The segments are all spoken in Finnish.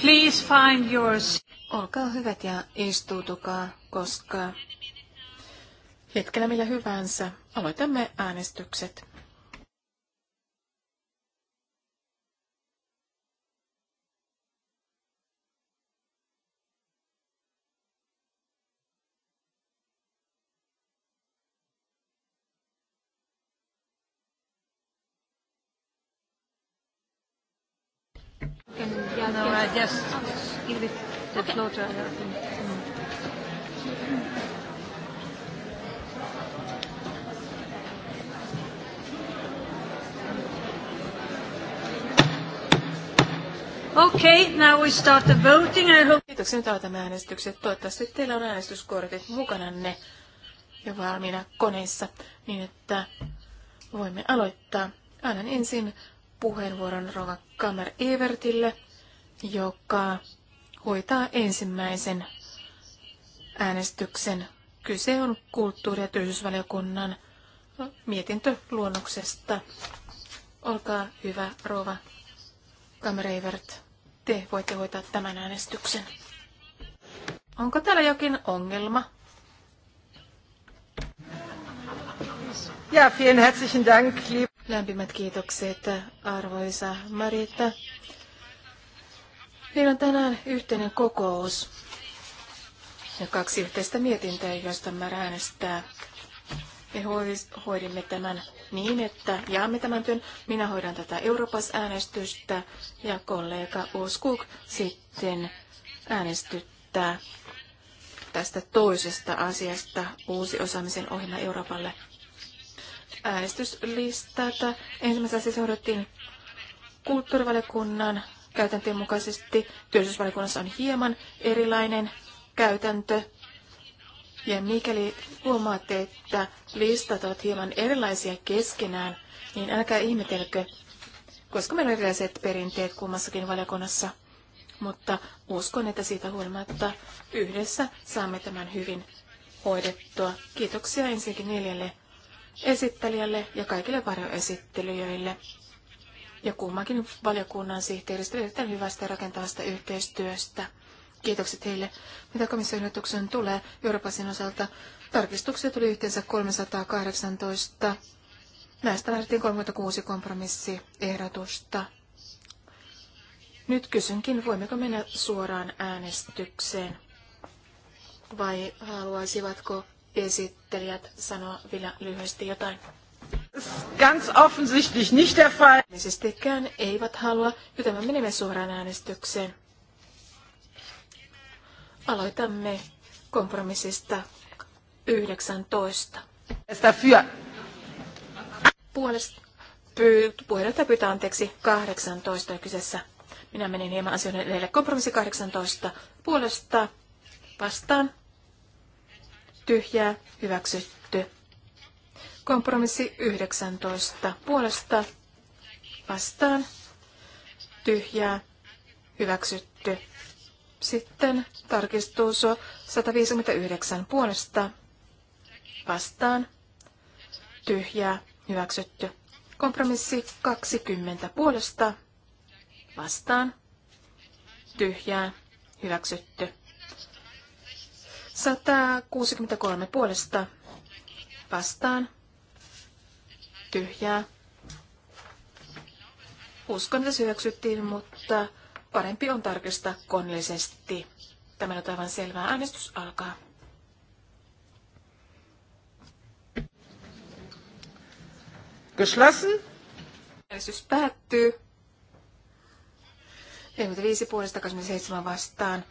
Please find Olkaa hyvät ja istuutukaa, koska hetkellä millä hyvänsä aloitamme äänestykset. just give it the okay. floor to her. Okay, now we start the voting. I hope... Kiitoksia, nyt aloitamme äänestykset. Toivottavasti teillä on äänestyskortit mukana ne jo valmiina koneessa, niin että voimme aloittaa. Annan ensin puheenvuoron Rova Kammer Evertille joka hoitaa ensimmäisen äänestyksen. Kyse on kulttuuri- ja työllisyysvaliokunnan mietintöluonnoksesta. Olkaa hyvä, Rova Kamreivert. Te voitte hoitaa tämän äänestyksen. Onko täällä jokin ongelma? Ja, vielen herzlichen Dank, lieb- Lämpimät kiitokset, arvoisa Marita. Meillä on tänään yhteinen kokous ja kaksi yhteistä mietintöä, joista mä äänestää. Me hoidimme tämän niin, että jaamme tämän työn. Minä hoidan tätä Euroopan äänestystä ja kollega Oskuk sitten äänestyttää tästä toisesta asiasta uusi osaamisen ohjelma Euroopalle. äänestyslistata. ensimmäisessä seurattiin kulttuurivaliokunnan käytäntöjen mukaisesti. Työllisyysvaliokunnassa on hieman erilainen käytäntö. Ja mikäli huomaatte, että listat ovat hieman erilaisia keskenään, niin älkää ihmetelkö, koska meillä on erilaiset perinteet kummassakin valiokunnassa. Mutta uskon, että siitä huolimatta yhdessä saamme tämän hyvin hoidettua. Kiitoksia ensinnäkin neljälle esittelijälle ja kaikille varjoesittelijöille ja kummankin valiokunnan sihteeristä erittäin hyvästä ja rakentavasta yhteistyöstä. Kiitokset heille. Mitä komission ehdotuksen tulee Euroopan osalta, tarkistuksia tuli yhteensä 318. Näistä lähdettiin 36 kompromissiehdotusta. Nyt kysynkin, voimmeko mennä suoraan äänestykseen vai haluaisivatko esittelijät sanoa vielä lyhyesti jotain? ganz offensichtlich nicht der Fall. eivät halua, joten me menemme suoraan äänestykseen. Aloitamme kompromissista 19. Dafür. Puolesta pyy, puheenjohtaja pyytää anteeksi 18 kyseessä. Minä menin hieman asioiden edelle. Kompromissi 18. Puolesta vastaan. Tyhjää. Hyväksytty. Kompromissi 19. Puolesta vastaan tyhjää hyväksytty. Sitten tarkistus 159 puolesta vastaan tyhjää hyväksytty. Kompromissi 20 puolesta vastaan tyhjää hyväksytty. 163 puolesta vastaan tyhjää. Uskon, että se hyväksyttiin, mutta parempi on tarkistaa koneellisesti. Tämä on aivan selvää. Äänestys alkaa. Geschlossen. Äänestys päättyy. 45 puolesta 27 vastaan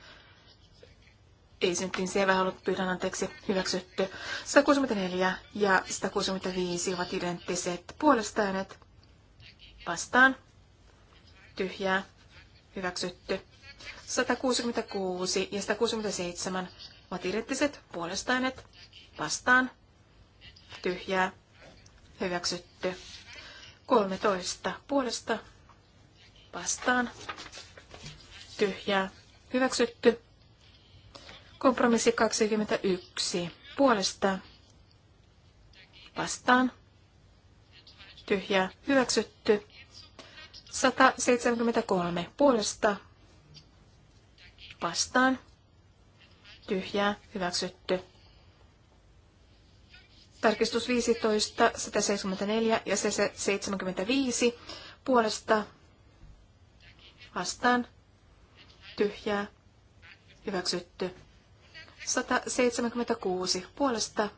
ei syntiin vähän ollut pyydän anteeksi hyväksytty. 164 ja 165 ovat identtiset puolestäänet. vastaan. Tyhjää hyväksytty. 166 ja 167 ovat identtiset puolestäänet. vastaan. Tyhjää hyväksytty. 13 puolesta vastaan. Tyhjää hyväksytty. Kompromissi 21. Puolesta vastaan. Tyhjää hyväksytty. 173. Puolesta vastaan. Tyhjää hyväksytty. Tarkistus 15, 174 ja 75 puolesta vastaan tyhjää hyväksytty. 176 puolesta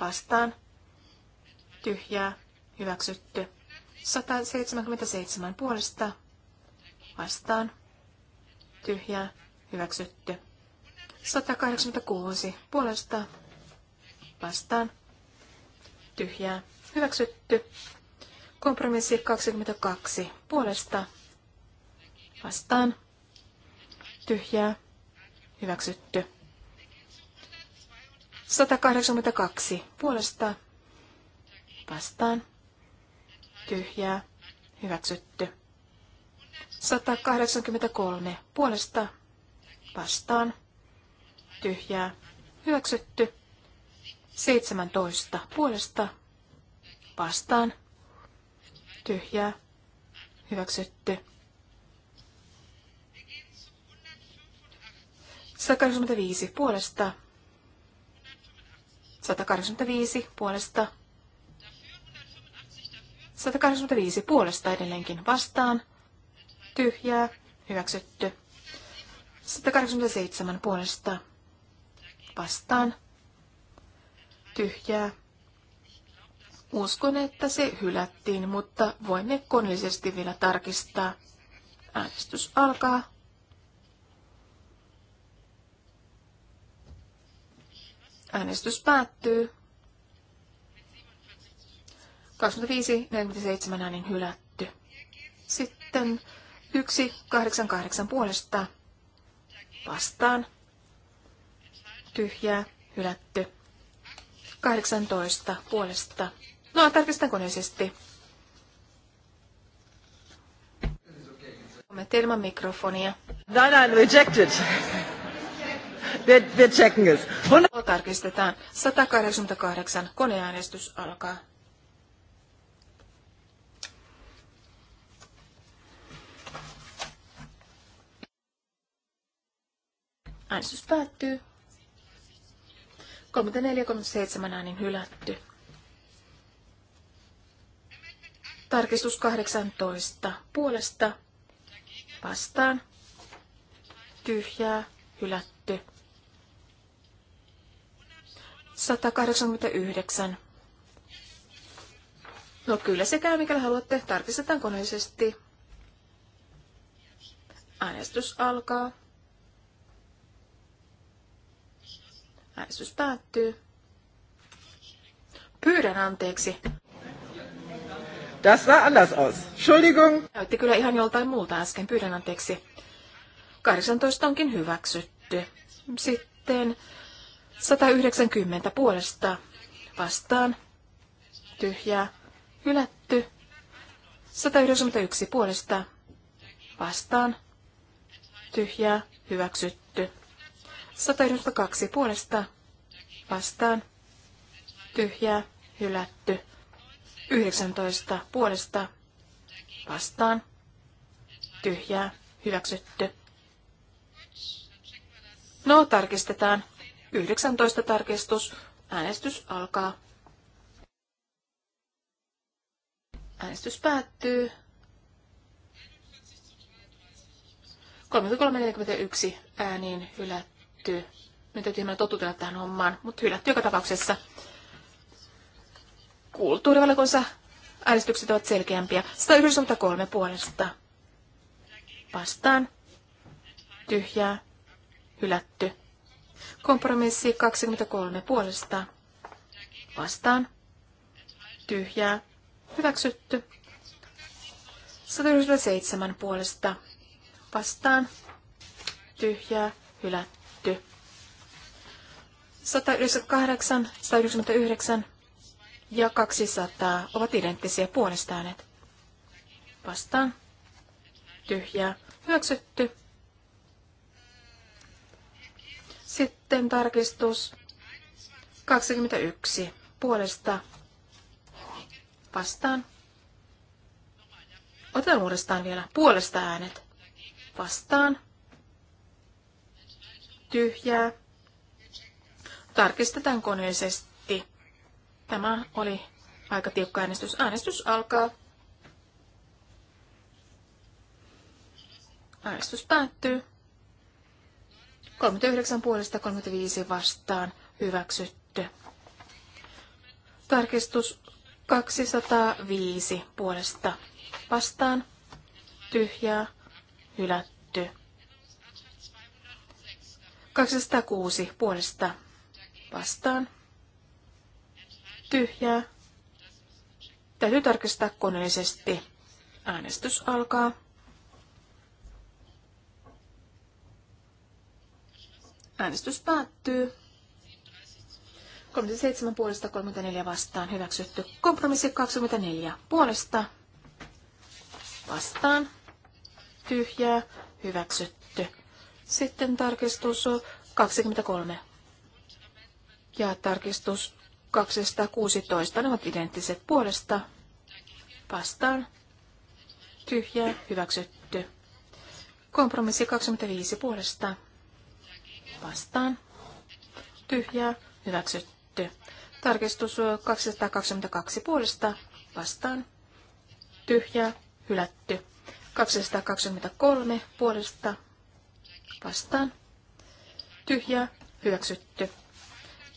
vastaan tyhjää hyväksytty. 177 puolesta vastaan tyhjää hyväksytty. 186 puolesta vastaan tyhjää hyväksytty. Kompromissi 22 puolesta vastaan tyhjää hyväksytty. 182 puolesta vastaan tyhjää hyväksytty. 183 puolesta vastaan tyhjää hyväksytty. 17 puolesta vastaan tyhjää hyväksytty. 185 puolesta 185 puolesta. 185 puolesta edelleenkin vastaan. Tyhjää. Hyväksytty. 187 puolesta vastaan. Tyhjää. Uskon, että se hylättiin, mutta voimme koneellisesti vielä tarkistaa. Äänestys alkaa. Äänestys päättyy. 25.47 äänin hylätty. Sitten 1.88 puolesta vastaan. Tyhjää, hylätty. 18 puolesta. No, tarkistan koneisesti. Kommentti ilman mikrofonia. Nine, nine, rejected. Wir, wir checken es. Tarkistetaan. 188. Koneäänestys alkaa. Äänestys päättyy. 34,37 äänin hylätty. Tarkistus 18. Puolesta vastaan. Tyhjää, hylätty. 189. No kyllä se käy, mikäli haluatte. Tarkistetaan koneisesti. Äänestys alkaa. Äänestys päättyy. Pyydän anteeksi. Das war anders aus. Entschuldigung. Näytti kyllä ihan joltain muuta äsken. Pyydän anteeksi. 18 onkin hyväksytty. Sitten 190 puolesta vastaan, tyhjää, hylätty. 191 puolesta vastaan, tyhjää, hyväksytty. 192 puolesta vastaan, tyhjää, hylätty. 19 puolesta vastaan, tyhjää, hyväksytty. No, tarkistetaan. 19 tarkistus. Äänestys alkaa. Äänestys päättyy. 33.41 ääniin hylätty. Nyt täytyy hieman totutella tähän hommaan, mutta hylätty joka tapauksessa. Kulttuurivalikonsa äänestykset ovat selkeämpiä. 193 puolesta. Vastaan. Tyhjää. Hylätty. Kompromissi 23 puolesta vastaan. Tyhjää. Hyväksytty. 197 puolesta vastaan. Tyhjää. Hylätty. 198, 199 ja 200 ovat identtisiä puolestaan. Vastaan. Tyhjää. Hyväksytty. Sitten tarkistus 21 puolesta vastaan. Otetaan uudestaan vielä puolesta äänet vastaan. Tyhjää. Tarkistetaan koneisesti. Tämä oli aika tiukka äänestys. Äänestys alkaa. Äänestys päättyy. 39 puolesta 35 vastaan hyväksytty. Tarkistus 205 puolesta vastaan tyhjää hylätty. 206 puolesta vastaan tyhjää. Täytyy tarkistaa koneellisesti. Äänestys alkaa. Äänestys päättyy. 37 puolesta 34 vastaan hyväksytty. Kompromissi 24 puolesta vastaan tyhjää hyväksytty. Sitten tarkistus 23 ja tarkistus 216. Ne ovat identtiset puolesta vastaan tyhjää hyväksytty. Kompromissi 25 puolesta vastaan. Tyhjää. Hyväksytty. Tarkistus 222 puolesta vastaan. Tyhjää. Hylätty. 223 puolesta vastaan. Tyhjää. Hyväksytty.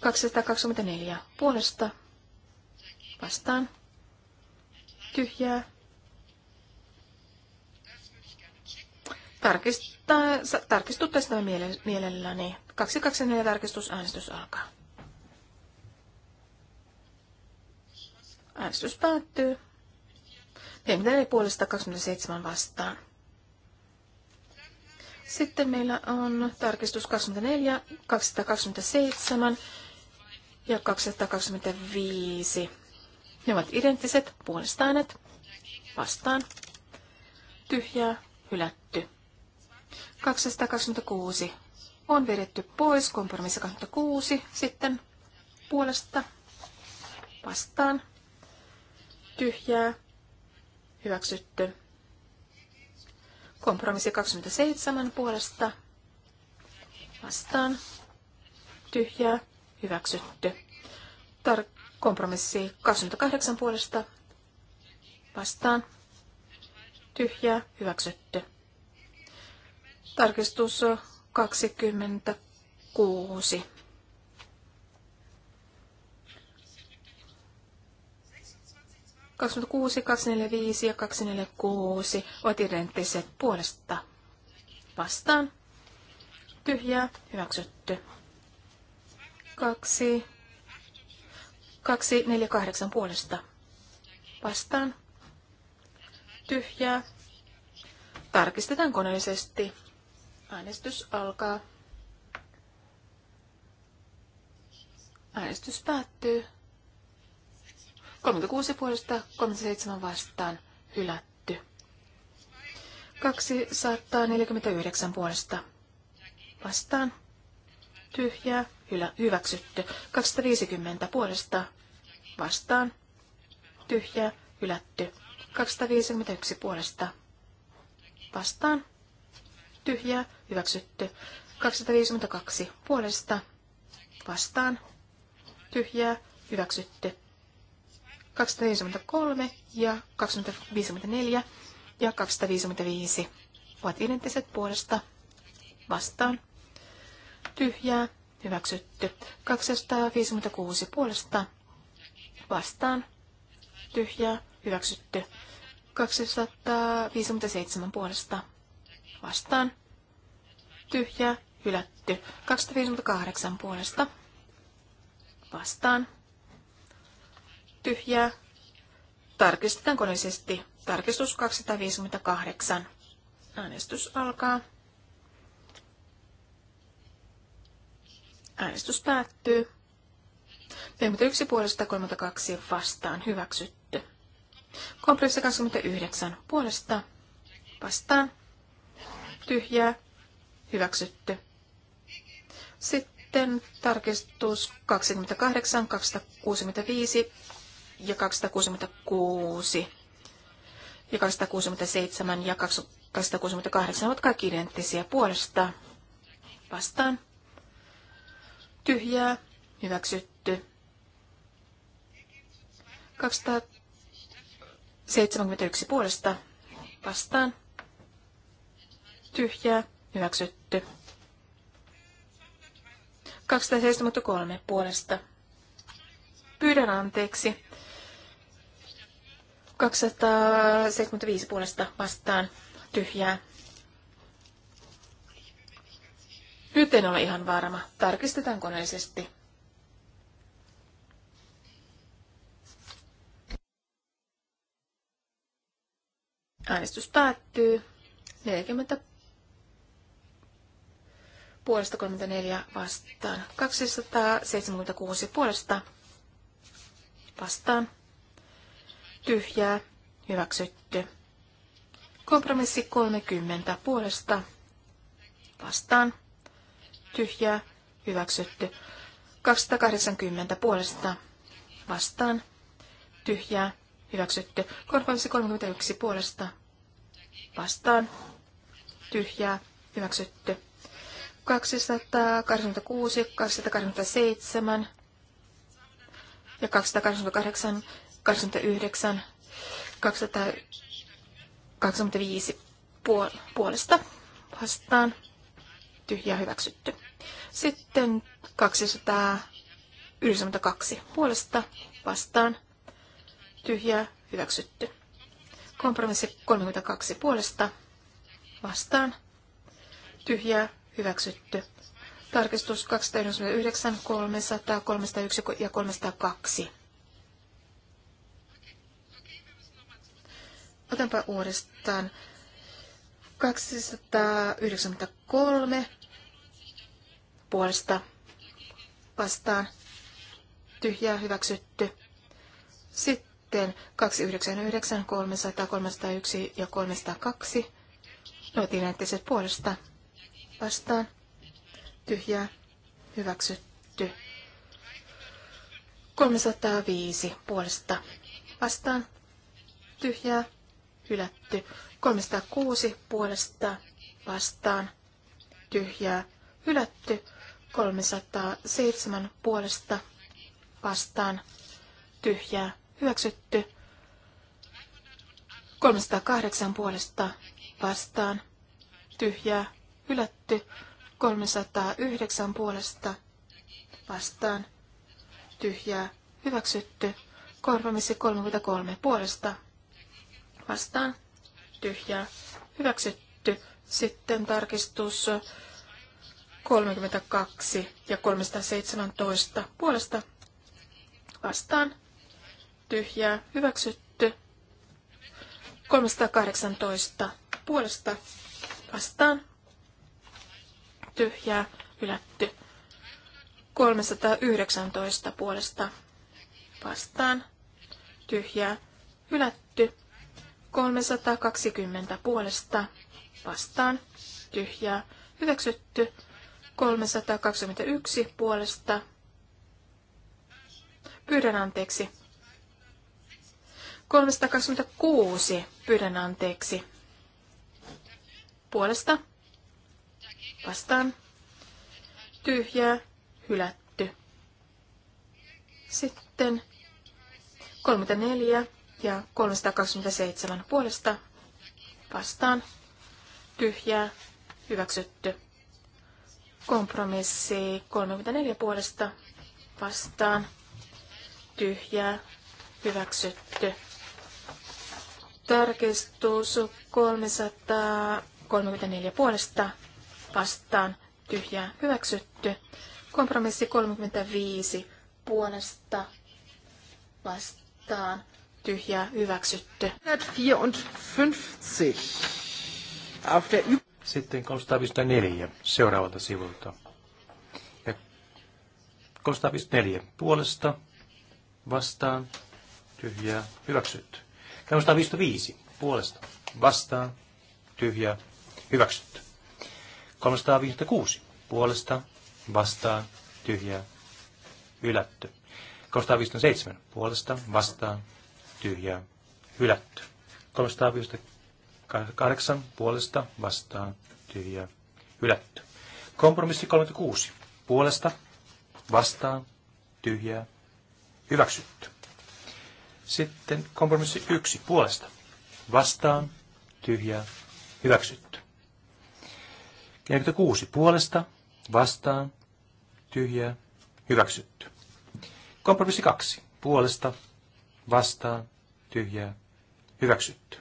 224 puolesta vastaan. Tyhjää. tarkistuttaa sitä mielelläni. 224 äänestys alkaa. Äänestys päättyy. 44 puolesta 27 vastaan. Sitten meillä on tarkistus 24, 227 ja 225. Ne ovat identtiset puolesta äänet vastaan. Tyhjää, hylätty. 226 on vedetty pois, kompromissi 26, sitten puolesta vastaan, tyhjää, hyväksytty. Kompromissi 27 puolesta vastaan, tyhjää, hyväksytty. Tar- kompromissi 28 puolesta vastaan, tyhjää, hyväksytty. Tarkistus 26. Kaksikymmentäkuusi, kaksi ja kaksi kuusi ovat identtiset puolesta. Vastaan. Tyhjää. Hyväksytty. Kaksi. Kaksi neljä kahdeksan puolesta. Vastaan. Tyhjää. Tarkistetaan koneellisesti. Äänestys alkaa. Äänestys päättyy. 36 puolesta, 37 vastaan, hylätty. 249 puolesta, vastaan, tyhjää, hylä, hyväksytty. 250 puolesta, vastaan, tyhjää, hylätty. 251 puolesta, vastaan, tyhjää, hyväksytty. 252 puolesta, vastaan, tyhjää, hyväksytty. 253 ja 254 ja 255 ovat identtiset puolesta, vastaan, tyhjää, hyväksytty. 256 puolesta, vastaan, tyhjää, hyväksytty. 257 puolesta, vastaan, tyhjää, hylätty. 258 puolesta vastaan, tyhjää, tarkistetaan koneisesti. Tarkistus 258. Äänestys alkaa. Äänestys päättyy. 51 puolesta 32 vastaan hyväksytty. Kompressi 29 puolesta vastaan tyhjää hyväksytty. Sitten tarkistus 28, 265 ja 266 ja 267 ja 268 ovat kaikki identtisiä puolesta vastaan. Tyhjää, hyväksytty. 271 puolesta vastaan. Tyhjää, hyväksytty. Hylätty. 273 puolesta. Pyydän anteeksi. 275 puolesta vastaan tyhjää. Nyt en ole ihan varma. Tarkistetaan koneellisesti. Äänestys päättyy. 40 puolesta 34 vastaan. 276 puolesta vastaan. Tyhjää hyväksytty. Kompromissi 30 puolesta vastaan. Tyhjää hyväksytty. 280 puolesta vastaan. Tyhjää hyväksytty. Kompromissi 31 puolesta vastaan. Tyhjää hyväksytty. 286, 287 ja 288, 289, 285 puol- puolesta vastaan tyhjää hyväksytty. Sitten 292 puolesta vastaan tyhjää hyväksytty. Kompromissi 32 puolesta vastaan tyhjää hyväksytty. Tarkistus 299, 300, 301 ja 302. Otanpa uudestaan. 293 puolesta vastaan tyhjää hyväksytty. Sitten 299, 300, 301 ja 302. Noitin enteiset puolesta vastaan tyhjää hyväksytty. 305 puolesta vastaan tyhjää hylätty. 306 puolesta vastaan tyhjää hylätty. 307 puolesta vastaan tyhjää hyväksytty. 308 puolesta vastaan tyhjää hylätty 309 puolesta vastaan tyhjää hyväksytty kompromissi 33 puolesta vastaan tyhjää hyväksytty sitten tarkistus 32 ja 317 puolesta vastaan tyhjää hyväksytty 318 puolesta vastaan tyhjää, hylätty. 319 puolesta vastaan, tyhjää, hylätty. 320 puolesta vastaan, tyhjää, hyväksytty. 321 puolesta. Pyydän anteeksi. 326 pyydän anteeksi. Puolesta vastaan tyhjää hylätty. Sitten 34 ja 327 puolesta vastaan tyhjää hyväksytty. Kompromissi 34 puolesta vastaan tyhjää hyväksytty. Tarkistus 334 puolesta vastaan tyhjää hyväksytty. Kompromissi 35 puolesta vastaan tyhjää hyväksytty. 154. Sitten 354 seuraavalta sivulta. Ja 354 puolesta vastaan tyhjää hyväksytty. 355 puolesta vastaan tyhjää hyväksytty. 356 puolesta vastaan tyhjä, hylätty. 357 puolesta vastaan tyhjä, hylätty. 358 puolesta vastaan tyhjä, hylätty. Kompromissi 36 puolesta vastaan tyhjä, hyväksytty. Sitten kompromissi 1 puolesta vastaan tyhjä, hyväksytty. 46 puolesta, vastaan, tyhjä hyväksytty. Kompromissi 2 puolesta, vastaan, tyhjä hyväksytty.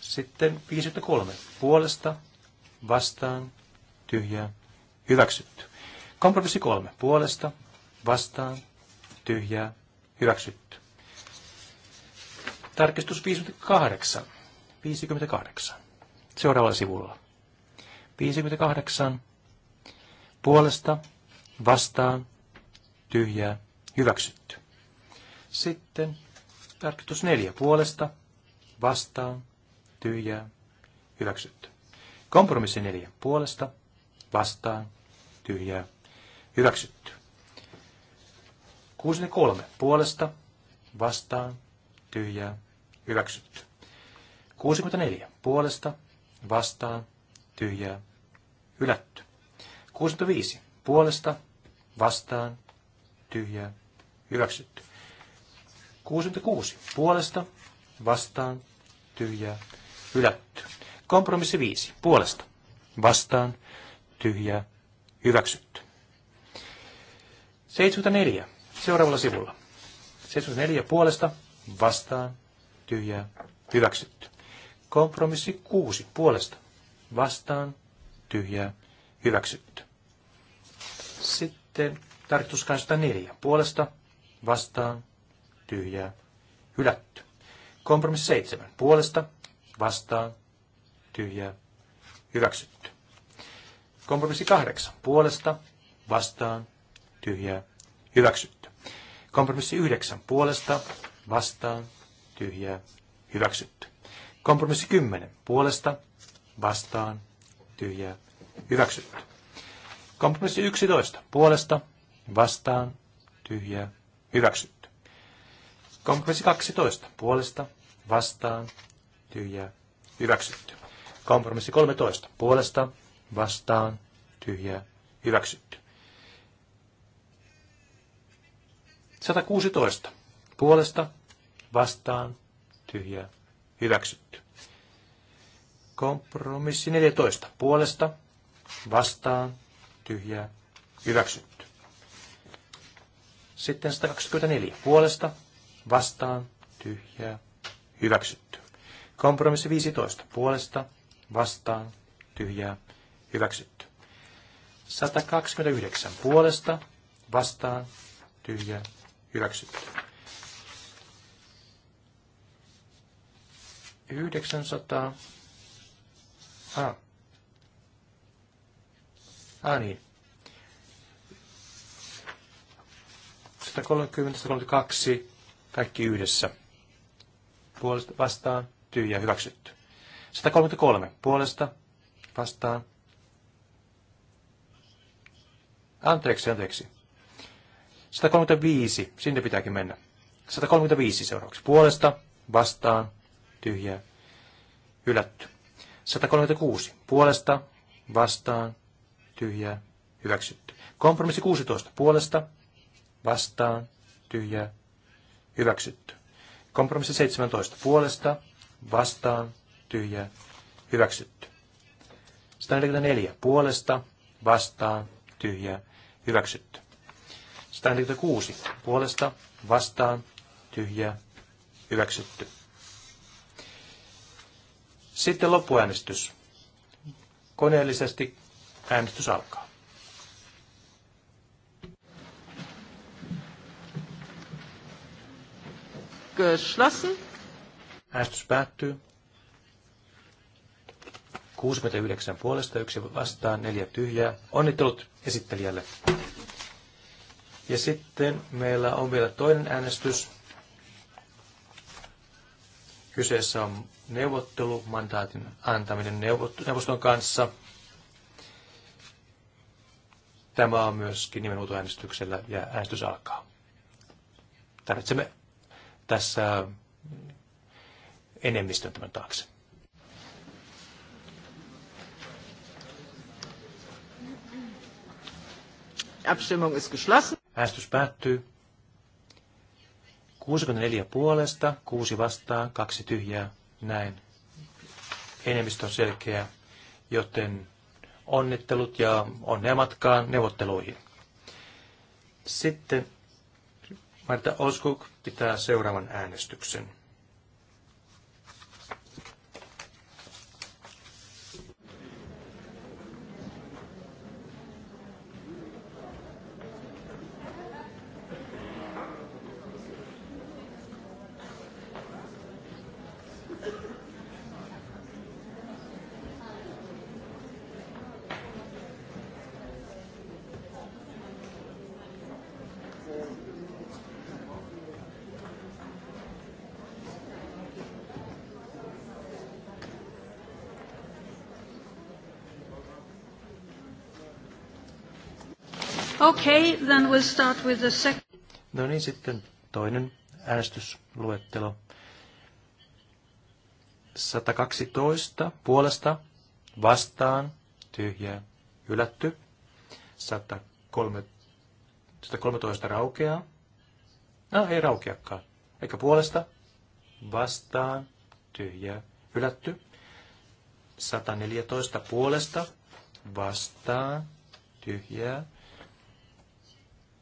Sitten 53 puolesta, vastaan, tyhjä hyväksytty. Kompromissi 3 puolesta, vastaan, tyhjä, hyväksytty. Tarkistus 58. 58. Seuraavalla sivulla. 58. Puolesta, vastaan, tyhjää, hyväksytty. Sitten tarkoitus 4. Puolesta, vastaan, tyhjää, hyväksytty. Kompromissi 4. Puolesta, vastaan, tyhjää, hyväksytty. 63. Puolesta, vastaan, tyhjää, hyväksytty. 64. Puolesta, vastaan, tyhjää, hylätty. 65 puolesta, vastaan, tyhjää, hyväksytty. 66 puolesta, vastaan, tyhjää, hylätty. Kompromissi 5 puolesta, vastaan, tyhjää, hyväksytty. 74 seuraavalla sivulla. 74 puolesta, vastaan, tyhjää, hyväksytty. Kompromissi 6 puolesta, vastaan, tyhjää, hyväksytty. Sitten tarkistus 24. Puolesta, vastaan, tyhjää, hylätty. Kompromissi 7. Puolesta, vastaan, tyhjää, hyväksytty. Kompromissi 8. Puolesta, vastaan, tyhjää, hyväksytty. Kompromissi 9. Puolesta, vastaan, tyhjää, hyväksytty. Kompromissi 10. Puolesta, vastaan, tyhjää, hyväksytty. Kompromissi 11, puolesta, vastaan, tyhjää, hyväksytty. Kompromissi 12, puolesta, vastaan, tyhjää, hyväksytty. Kompromissi 13, puolesta, vastaan, tyhjää, hyväksytty. 116, puolesta, vastaan, tyhjää, hyväksytty. Kompromissi 14. Puolesta, vastaan, tyhjää, hyväksytty. Sitten 124. Puolesta, vastaan, tyhjää, hyväksytty. Kompromissi 15. Puolesta, vastaan, tyhjää, hyväksytty. 129. Puolesta, vastaan, tyhjää, hyväksytty. 900 Ah. Ah niin. 130, 132, kaikki yhdessä. Puolesta vastaan, tyhjä, hyväksytty. 133, puolesta vastaan. Anteeksi, anteeksi. 135, sinne pitääkin mennä. 135 seuraavaksi. Puolesta, vastaan, tyhjä, hylätty. 136. Puolesta, vastaan, tyhjää, hyväksytty. Kompromissi 16. Puolesta, vastaan, tyhjää, hyväksytty. Kompromissi 17. Puolesta, vastaan, tyhjää, hyväksytty. 144. Puolesta, vastaan, tyhjää, hyväksytty. 146. Puolesta, vastaan, tyhjää, hyväksytty. Sitten loppuäänestys. Koneellisesti äänestys alkaa. Geschlossen. Äänestys päättyy. 69 puolesta, yksi vastaan, neljä tyhjää. Onnittelut esittelijälle. Ja sitten meillä on vielä toinen äänestys. Kyseessä on neuvottelu, mandaatin antaminen neuvoston kanssa. Tämä on myöskin nimenhuutoäänestyksellä ja äänestys alkaa. Tarvitsemme tässä enemmistön tämän taakse. Abstimmung ist geschlossen. Äänestys päättyy. 64 puolesta, 6 vastaan, 2 tyhjää, näin. Enemmistö on selkeä, joten onnittelut ja onnea matkaan neuvotteluihin. Sitten Marta Oskuk pitää seuraavan äänestyksen. will start with the second. No niin, sitten toinen äänestysluettelo. 112 puolesta vastaan tyhjää hylätty. 103, 113 raukeaa. No, ei raukeakaan. Eikä puolesta vastaan tyhjää hylätty. 114 puolesta vastaan tyhjää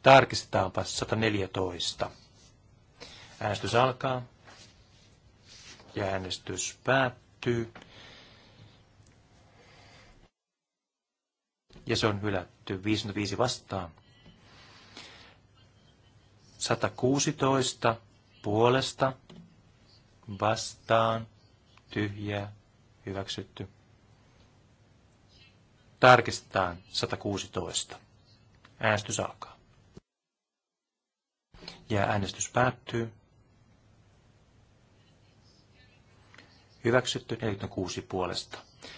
Tarkistetaanpa 114. Äänestys alkaa ja äänestys päättyy. Ja se on hylätty 55 vastaan. 116 puolesta vastaan tyhjä hyväksytty. Tarkistetaan 116. Äänestys alkaa. Ja äänestys päättyy. Hyväksytty 46 puolesta.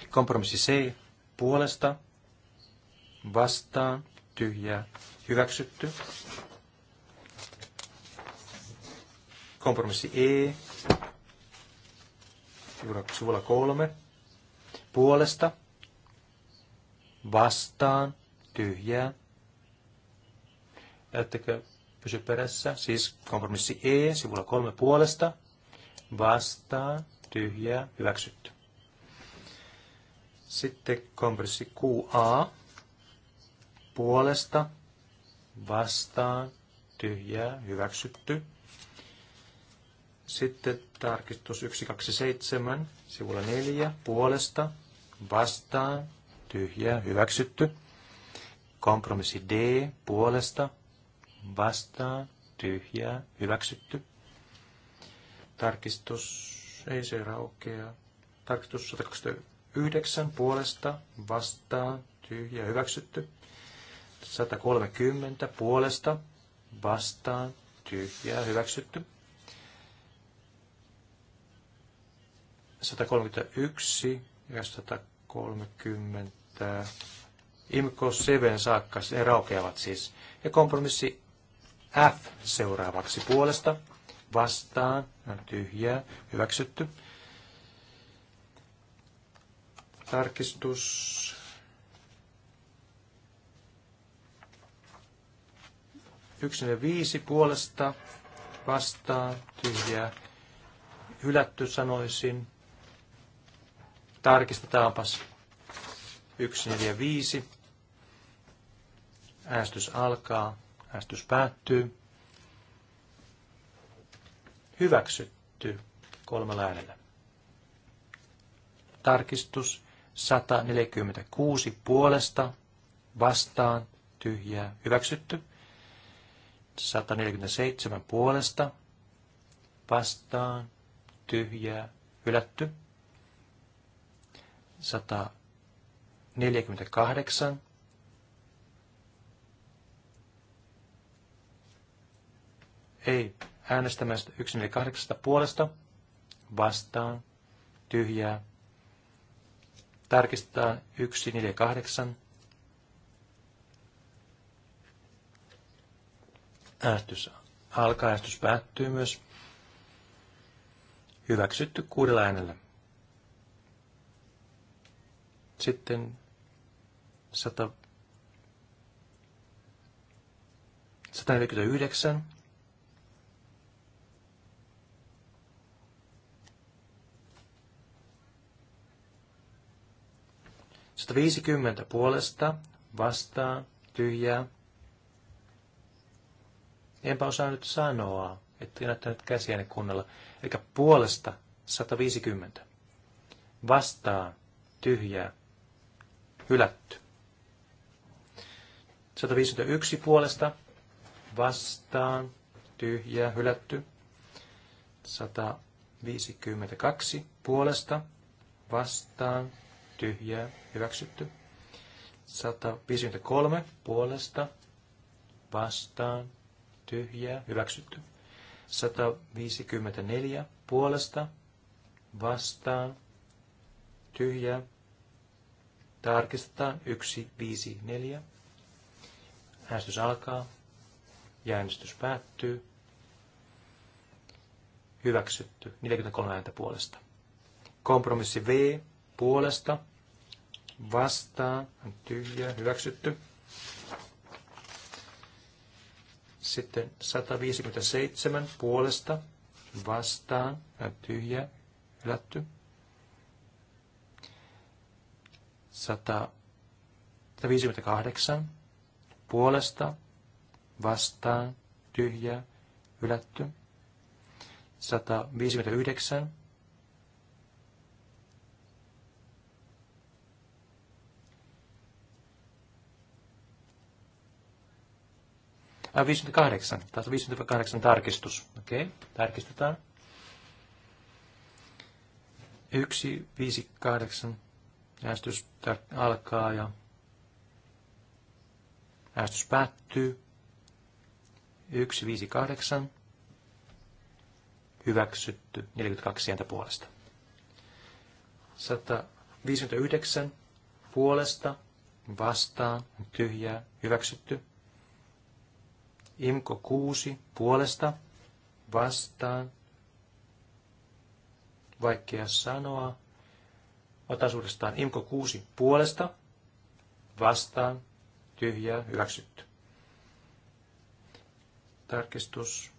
Kompromissi C puolesta. Vastaan. Tyhjää. Hyväksytty. Kompromissi E. Sivulla kolme. Puolesta. Vastaan. Tyhjää. Näyttäkö pysy perässä. Siis kompromissi E sivulla kolme puolesta vastaan tyhjää hyväksytty. Sitten kompromissi QA puolesta vastaan tyhjää hyväksytty. Sitten tarkistus 127 sivulla 4 puolesta vastaan tyhjää hyväksytty. Kompromissi D puolesta vastaan, tyhjää, hyväksytty. Tarkistus, ei se raukea. Tarkistus 129 puolesta, vastaan, tyhjää, hyväksytty. 130 puolesta, vastaan, tyhjää, hyväksytty. 131 ja 130. Imko Seven saakka, ne raukeavat siis. Ja kompromissi F seuraavaksi puolesta, vastaan, on no, tyhjää, hyväksytty. Tarkistus. Yksi ja viisi puolesta, vastaan, tyhjää, hylätty sanoisin. Tarkistetaanpas. viisi Äänestys alkaa. Äänestys päättyy. Hyväksytty kolmella äänellä. Tarkistus 146 puolesta vastaan tyhjää hyväksytty. 147 puolesta vastaan tyhjää hylätty. 148 ei äänestämästä 148 puolesta vastaan tyhjää. Tarkistetaan 148. Äänestys alkaa, äänestys päättyy myös. Hyväksytty kuudella äänellä. Sitten 100, 149 150 puolesta vastaan tyhjää. Enpä osaa nyt sanoa, että ei näyttänyt käsiäni kunnolla. Eli puolesta 150. Vastaan tyhjää. Hylätty. 151 puolesta vastaan tyhjää hylätty. 152 puolesta vastaan tyhjää, hyväksytty. 153 puolesta, vastaan, tyhjää, hyväksytty. 154 puolesta, vastaan, tyhjää. Tarkistetaan 154. Äänestys alkaa ja äänestys päättyy. Hyväksytty 43 ääntä puolesta. Kompromissi V puolesta vastaan, tyhjä, hyväksytty. Sitten 157 puolesta, vastaan, tyhjä, hylätty. 158 puolesta, vastaan, tyhjä, hylätty. 159 Äh, 58, taas 58 tarkistus. Okei, okay. tarkistetaan. 1, 5, 8. Äänestys alkaa ja äänestys päättyy. 1, 5, 8. Hyväksytty 42 sieltä puolesta. 159 puolesta vastaan tyhjää hyväksytty Imko 6 puolesta vastaan. Vaikea sanoa. Ota suurestaan Imko 6 puolesta vastaan. Tyhjää hyväksytty. Tarkistus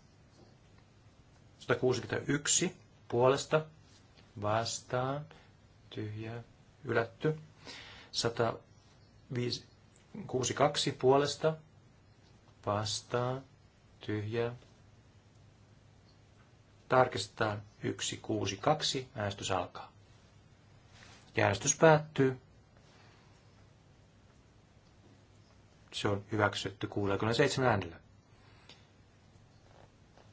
161 puolesta vastaan. Tyhjää ylätty. 162 puolesta vastaa, tyhjää. Tarkistetaan 1, 6, 2, äänestys alkaa. Ja äänestys päättyy. Se on hyväksytty 67 äänellä.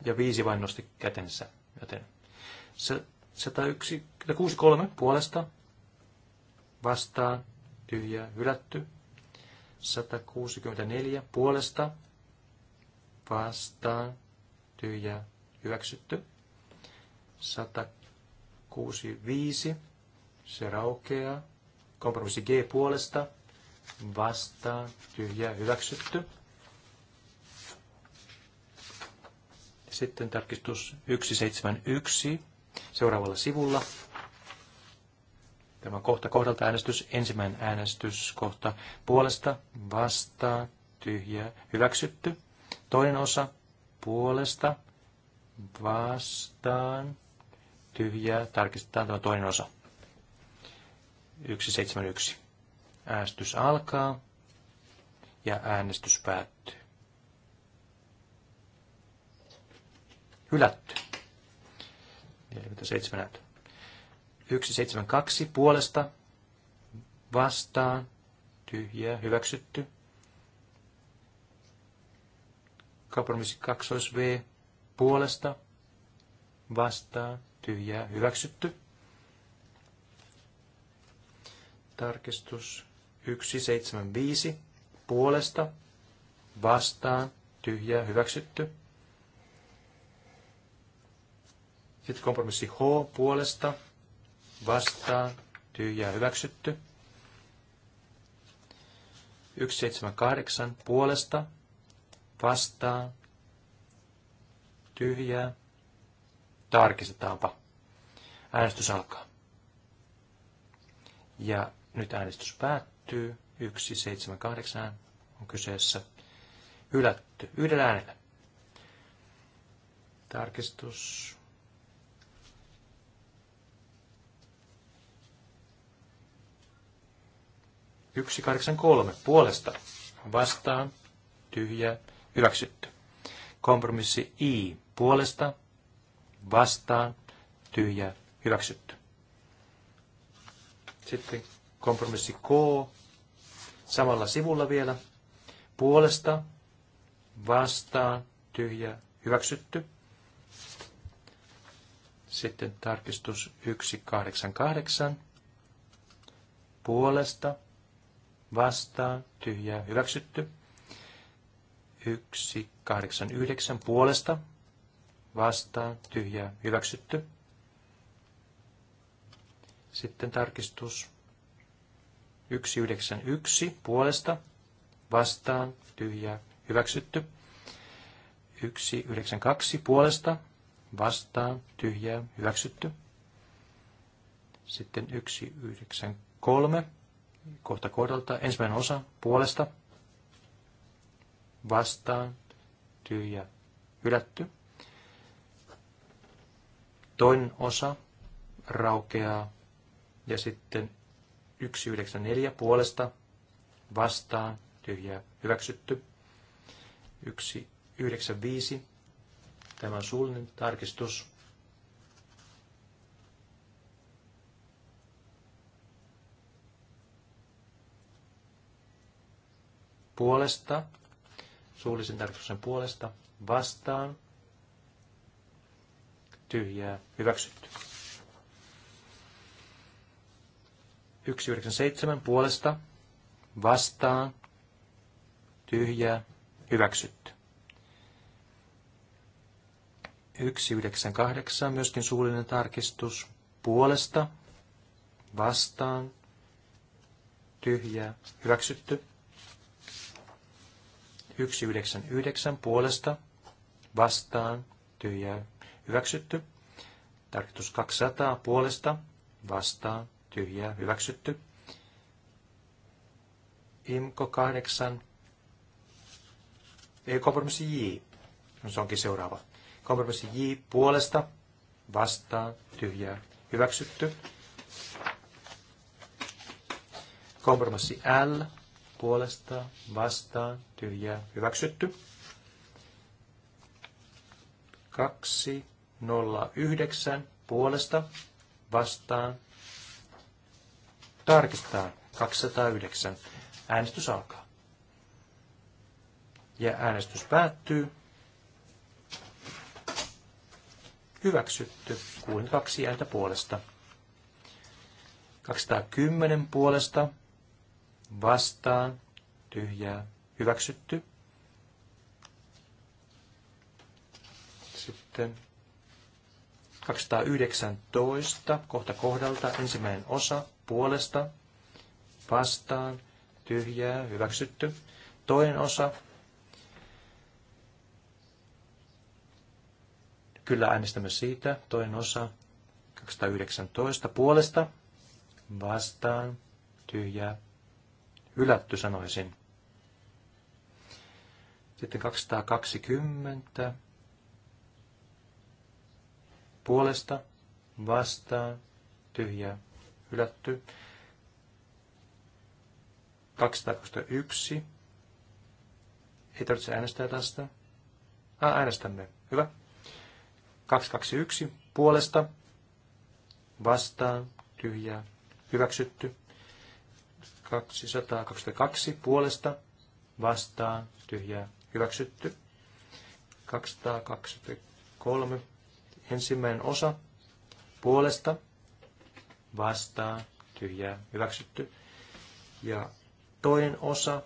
Ja viisi vain nosti kätensä, joten 163 puolesta vastaan, tyhjää, hylätty. 164 puolesta vastaan, tyhjä hyväksytty. 165, se raukeaa. Kompromissi G puolesta, vastaan, tyhjä hyväksytty. Sitten tarkistus 171 seuraavalla sivulla. Tämä kohta kohdalta äänestys, ensimmäinen äänestys kohta puolesta, vastaan, tyhjä hyväksytty. Toinen osa puolesta vastaan tyhjää. Tarkistetaan tämä toinen osa. 171. Äänestys alkaa ja äänestys päättyy. Hylätty. 47 näytö. 172 puolesta vastaan tyhjää hyväksytty. Kompromissi 2 V puolesta vastaan tyhjää hyväksytty. Tarkistus 175 puolesta vastaan tyhjää hyväksytty. Sitten kompromissi H puolesta vastaan tyhjää hyväksytty. 178 puolesta vastaa, tyhjää, tarkistetaanpa. Äänestys alkaa. Ja nyt äänestys päättyy. 8 on kyseessä. Hylätty yhdellä äänellä. Tarkistus. Yksi kahdeksan kolme puolesta vastaan tyhjä Hyväksytty. Kompromissi I puolesta, vastaan, tyhjä, hyväksytty. Sitten kompromissi K samalla sivulla vielä. Puolesta, vastaan, tyhjä, hyväksytty. Sitten tarkistus 188. Puolesta, vastaan, tyhjä, hyväksytty. 1, 8, 9 puolesta vastaan tyhjä hyväksytty. Sitten tarkistus 191 puolesta vastaan tyhjä hyväksytty. 192 puolesta vastaan tyhjä hyväksytty. Sitten 193 kohta kohdalta ensimmäinen osa puolesta vastaan, tyhjä, hylätty. Toinen osa raukeaa ja sitten 194 puolesta vastaan, tyhjä, hyväksytty. 195, tämä on suullinen tarkistus. Puolesta suullisen tarkoituksen puolesta vastaan. Tyhjää. Hyväksytty. 197 puolesta vastaan. Tyhjää. Hyväksytty. 198 myöskin suullinen tarkistus puolesta vastaan. Tyhjää. Hyväksytty. 199 puolesta vastaan tyhjää hyväksytty. Tarkoitus 200 puolesta vastaan tyhjää hyväksytty. Imko 8. Ei, kompromissi J. No se onkin seuraava. Kompromissi J puolesta vastaan tyhjää hyväksytty. Kompromissi L puolesta, vastaan, tyhjää, hyväksytty. 2, 0, 9, puolesta, vastaan, tarkistaa, 209. Äänestys alkaa. Ja äänestys päättyy. Hyväksytty, kuin kaksi ääntä puolesta. 210 puolesta, vastaan, tyhjää, hyväksytty. Sitten 219 kohta kohdalta ensimmäinen osa puolesta, vastaan, tyhjää, hyväksytty. Toinen osa, kyllä äänestämme siitä, toinen osa, 219 puolesta, vastaan, tyhjää, hylätty sanoisin. Sitten 220 puolesta vastaan tyhjä hylätty. 221. Ei tarvitse äänestää tästä. Ah, äänestämme. Hyvä. 221 puolesta vastaan tyhjä hyväksytty. 222 puolesta vastaan tyhjää hyväksytty. 223 ensimmäinen osa puolesta vastaan tyhjää hyväksytty. Ja toinen osa,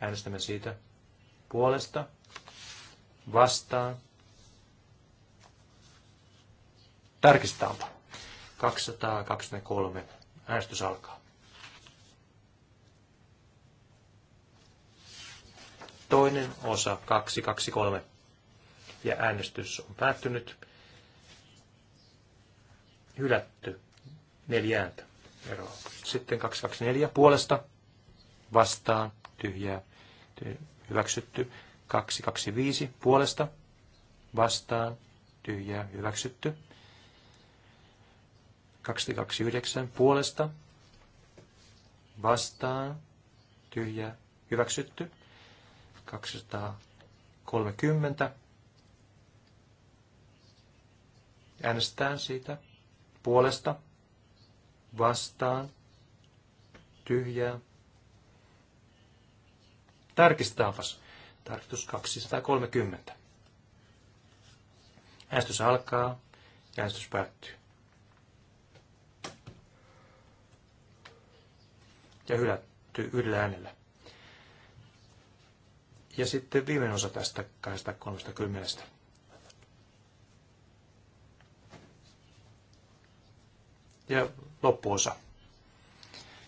äänestämme siitä puolesta vastaan. Tarkistetaanpa. 223. Äänestys alkaa. toinen osa 223. Ja äänestys on päättynyt. Hylätty. Neljä ääntä. Eroa. Sitten 224 puolesta vastaan tyhjää hyväksytty. 225 puolesta vastaan tyhjää hyväksytty. 229 puolesta vastaan tyhjää hyväksytty. 230. Äänestetään siitä puolesta, vastaan, tyhjää. Tarkistetaanpas. Tarkistus 230. Äänestys alkaa ja äänestys päättyy. Ja hylätty yhdellä äänellä. Ja sitten viimeinen osa tästä 230. Ja loppuosa.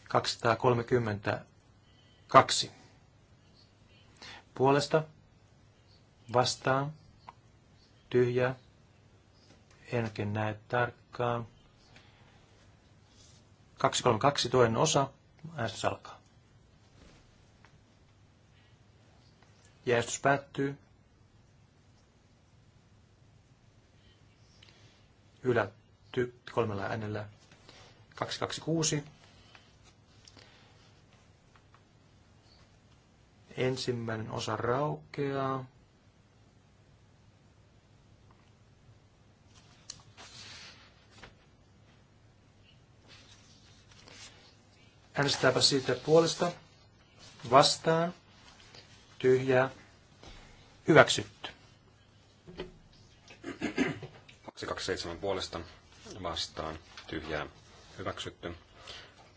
232. Puolesta, vastaan, tyhjä, enkin näe tarkkaan. 232 toinen osa, äänestys alkaa. Järjestys päättyy. Ylätty kolmella äänellä 226. Ensimmäinen osa raukeaa. Äänestääpä siitä puolesta vastaan tyhjää, hyväksytty. 227 puolesta vastaan tyhjää, hyväksytty.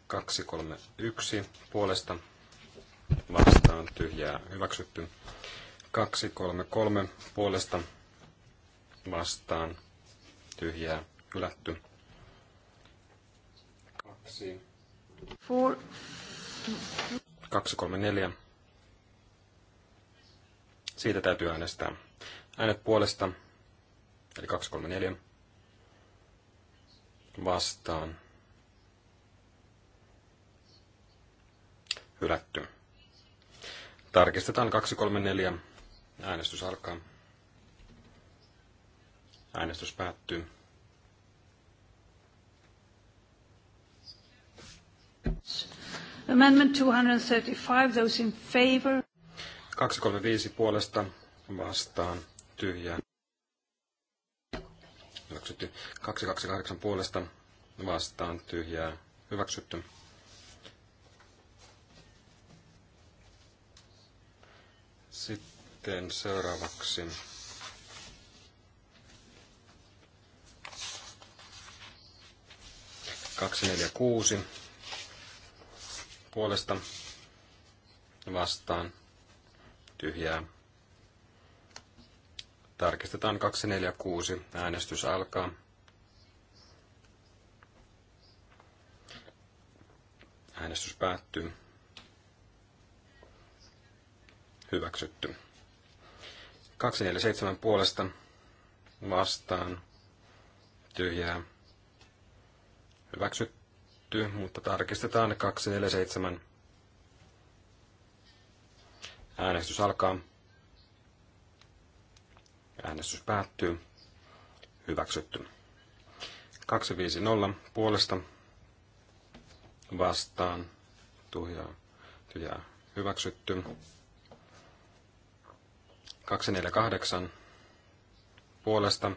231 puolesta vastaan tyhjää, hyväksytty. 233 puolesta vastaan tyhjää, hylätty. Kaksi. Four. Kaksi, kolme, neljä siitä täytyy äänestää. Äänet puolesta, eli 234, vastaan, hylätty. Tarkistetaan 234. Äänestys alkaa. Äänestys päättyy. Amendment 235, those in favor. 235 puolesta vastaan tyhjää. Hyväksytty. 228 puolesta vastaan tyhjää. Hyväksytty. Sitten seuraavaksi kaksi neljä kuusi puolesta vastaan tyhjää. Tarkistetaan 246. Äänestys alkaa. Äänestys päättyy. Hyväksytty. 247 puolesta vastaan tyhjää. Hyväksytty, mutta tarkistetaan 247 Äänestys alkaa. Äänestys päättyy. Hyväksytty. 250 puolesta vastaan. Tyhjää, tyhjää hyväksytty. 248 puolesta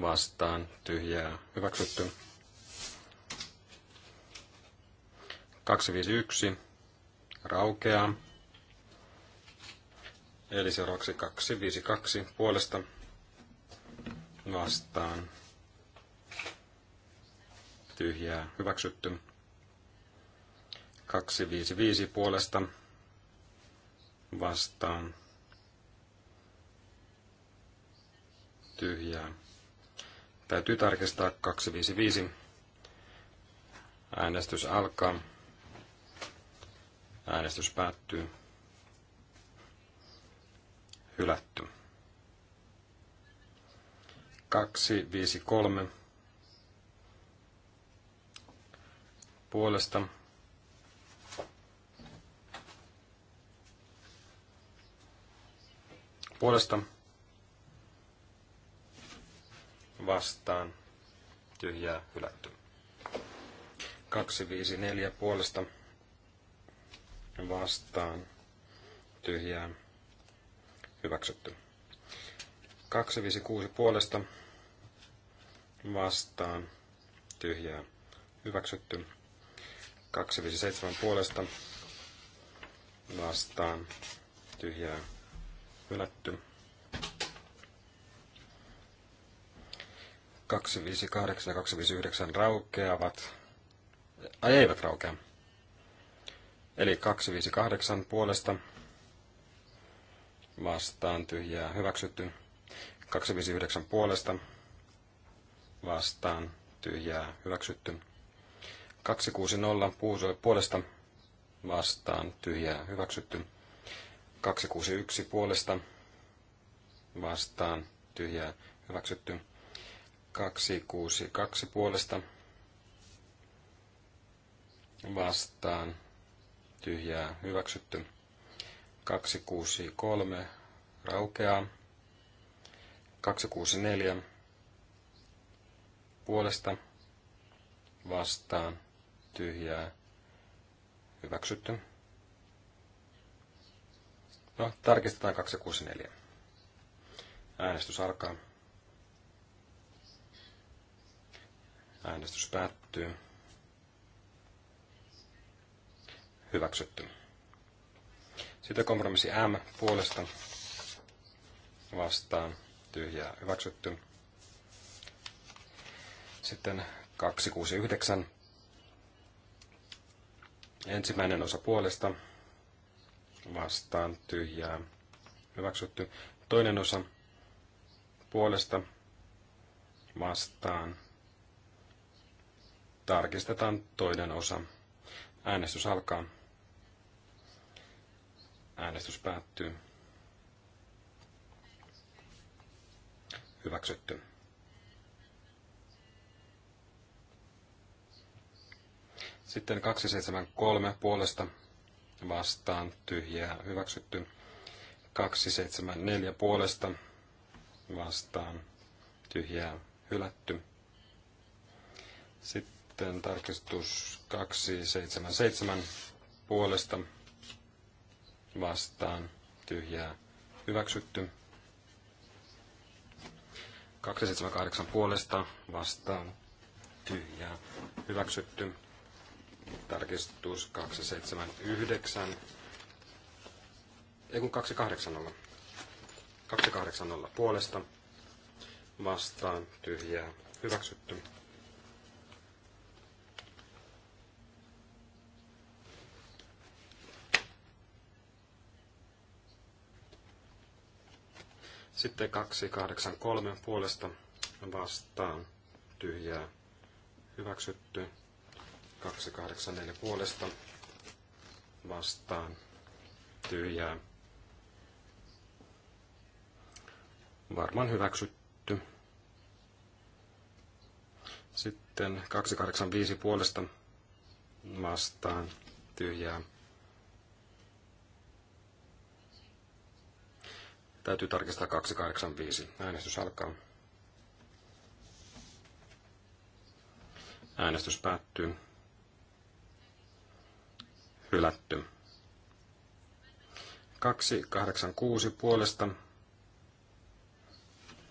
vastaan tyhjää hyväksytty. 251 raukeaa. Eli seuraavaksi 252 puolesta vastaan. Tyhjää hyväksytty. 255 puolesta vastaan. Tyhjää. Täytyy tarkistaa 255. Äänestys alkaa. Äänestys päättyy hylätty. 253 puolesta puolesta vastaan tyhjää hylätty. 254 puolesta vastaan tyhjää hyväksytty. 256 puolesta vastaan tyhjää hyväksytty. 257 puolesta vastaan tyhjää hylätty. 258 ja 259 raukeavat. Ai eivät raukea. Eli 258 puolesta vastaan tyhjää hyväksytty. 259 puolesta vastaan tyhjää hyväksytty. 260 puusoi puolesta vastaan tyhjää hyväksytty. 261 puolesta vastaan tyhjää hyväksytty. 262 puolesta vastaan tyhjää hyväksytty. 263 raukeaa. 264 puolesta vastaan tyhjää hyväksytty. No, tarkistetaan 264. Äänestys alkaa. Äänestys päättyy. Hyväksytty. Sitten kompromissi M puolesta vastaan tyhjää hyväksytty. Sitten 269. Ensimmäinen osa puolesta vastaan tyhjää hyväksytty. Toinen osa puolesta vastaan. Tarkistetaan toinen osa. Äänestys alkaa. Äänestys päättyy. Hyväksytty. Sitten 273 puolesta vastaan tyhjää hyväksytty. 274 puolesta vastaan tyhjää hylätty. Sitten tarkistus 277 puolesta vastaan tyhjää hyväksytty. 278 puolesta vastaan tyhjää hyväksytty. Tarkistus 279. Ei kun 280. 280 puolesta vastaan tyhjää hyväksytty. Sitten 283 puolesta vastaan tyhjää hyväksytty. 284 puolesta vastaan tyhjää. Varmaan hyväksytty. Sitten 285 puolesta vastaan tyhjää Täytyy tarkistaa 285. Äänestys alkaa. Äänestys päättyy. Hylätty. 286 puolesta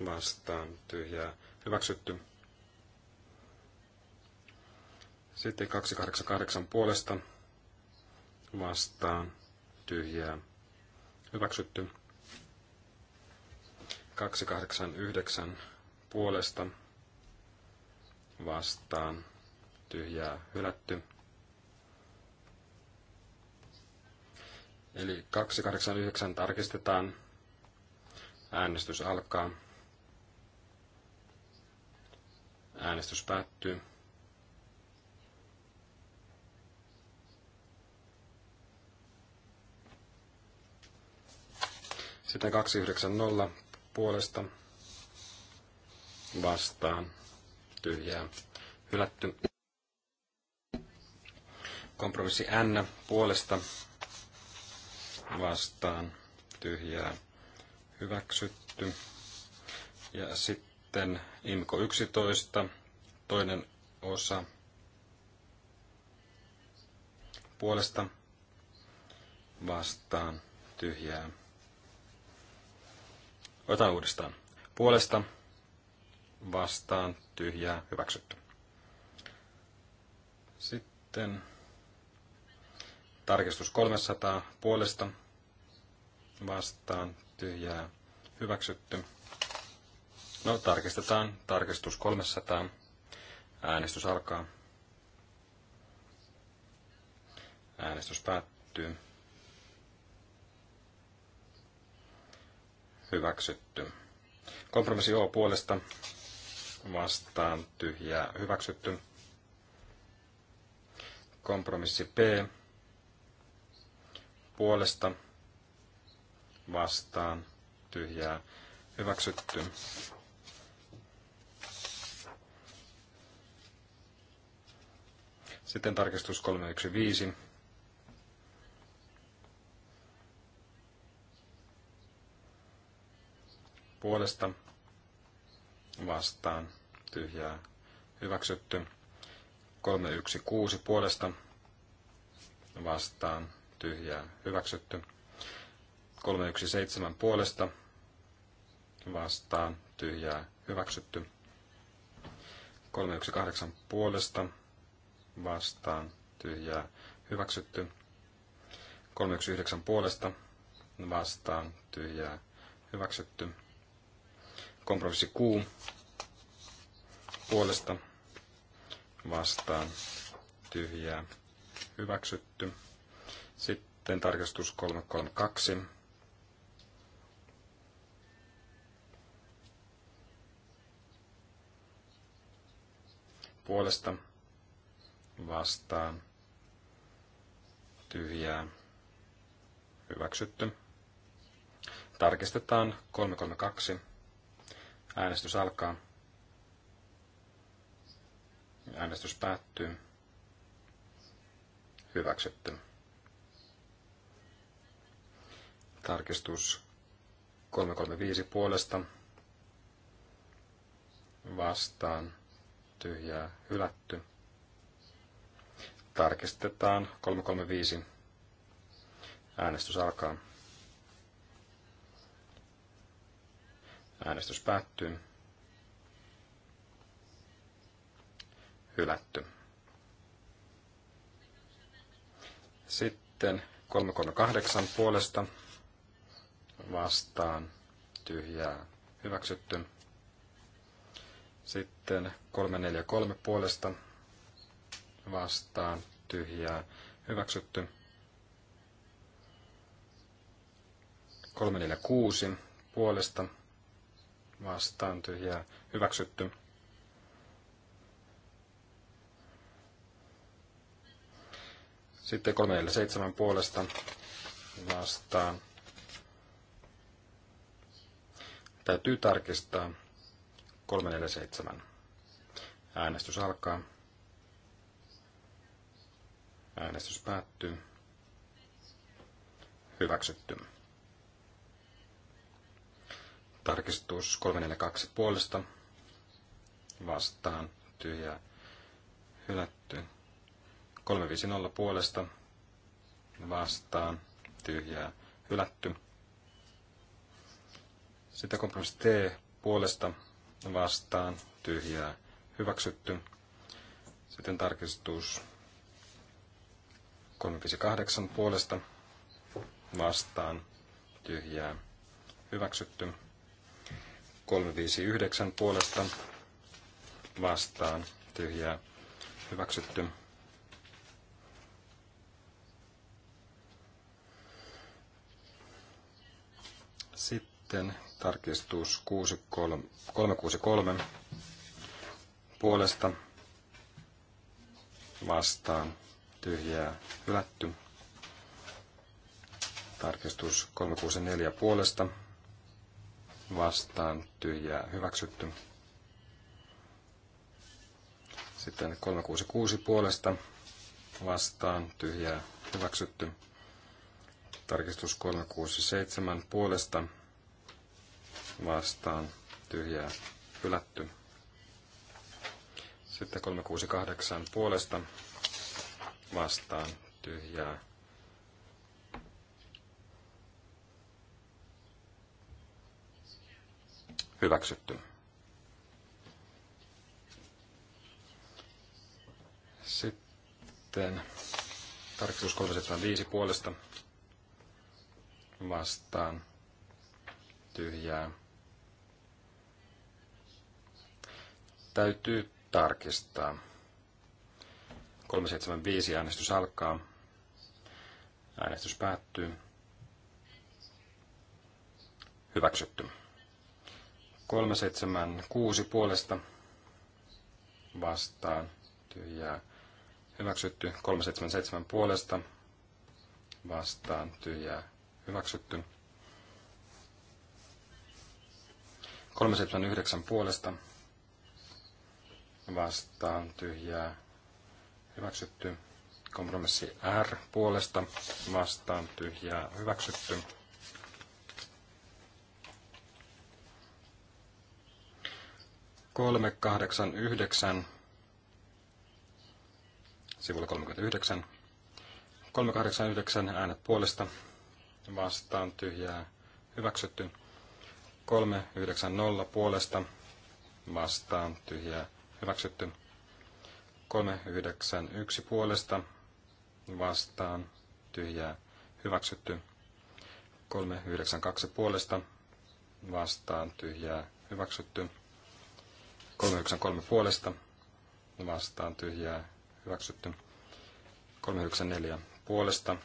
vastaan tyhjää hyväksytty. Sitten 288 puolesta vastaan tyhjää hyväksytty. 289 puolesta vastaan tyhjää hylätty. Eli 289 tarkistetaan. Äänestys alkaa. Äänestys päättyy. Sitten 290 puolesta vastaan tyhjää hylätty. Kompromissi N puolesta vastaan tyhjää hyväksytty. Ja sitten IMKO 11, toinen osa puolesta vastaan tyhjää Otan uudestaan. Puolesta vastaan tyhjää hyväksytty. Sitten tarkistus 300 puolesta vastaan tyhjää hyväksytty. No tarkistetaan. Tarkistus 300. Äänestys alkaa. Äänestys päättyy. hyväksytty. Kompromissi O puolesta vastaan tyhjää hyväksytty. Kompromissi P puolesta vastaan tyhjää hyväksytty. Sitten tarkistus 315 puolesta vastaan tyhjää hyväksytty. 316 puolesta vastaan tyhjää hyväksytty. 317 puolesta vastaan tyhjää hyväksytty. 318 puolesta vastaan tyhjää hyväksytty. 319 puolesta vastaan tyhjää hyväksytty. Kompromissi Q puolesta vastaan tyhjää hyväksytty. Sitten tarkastus 332. Puolesta vastaan tyhjää hyväksytty. Tarkistetaan 332. Äänestys alkaa. Äänestys päättyy. Hyväksytty. Tarkistus 335 puolesta vastaan tyhjää hylätty. Tarkistetaan 335. Äänestys alkaa. Äänestys päättyy. Hylätty. Sitten 338 puolesta vastaan tyhjää hyväksytty. Sitten 343 puolesta vastaan tyhjää hyväksytty. 346 puolesta vastaan tyhjää hyväksytty. Sitten 347 puolesta vastaan. Täytyy tarkistaa 347. Äänestys alkaa. Äänestys päättyy. Hyväksytty. Tarkistus 342 puolesta vastaan tyhjä hylätty. 350 puolesta vastaan tyhjää hylätty. Sitten kompromissi T puolesta vastaan tyhjää hyväksytty. Sitten tarkistus 358 puolesta vastaan tyhjää hyväksytty. 359 puolesta vastaan tyhjää hyväksytty. Sitten tarkistus 363 puolesta vastaan tyhjää hylätty. Tarkistus 364 puolesta vastaan tyhjää hyväksytty. Sitten 366 puolesta vastaan tyhjää hyväksytty. Tarkistus 367 puolesta vastaan tyhjää hylätty. Sitten 368 puolesta vastaan tyhjää hyväksytty. Sitten tarkistus 305 puolesta vastaan tyhjää. Täytyy tarkistaa. 375 äänestys alkaa. Äänestys päättyy. Hyväksytty. 376 puolesta vastaan tyhjää hyväksytty. 377 puolesta vastaan tyhjää hyväksytty. 379 puolesta vastaan tyhjää hyväksytty. Kompromissi R puolesta vastaan tyhjää hyväksytty. 389, sivulla 39. 389 äänet puolesta, vastaan tyhjää, hyväksytty. 390 puolesta, vastaan tyhjää, hyväksytty. 391 puolesta, vastaan tyhjää, hyväksytty. 392 puolesta, vastaan tyhjää, hyväksytty. 393 puolesta vastaan tyhjää hyväksytty. 394 puolesta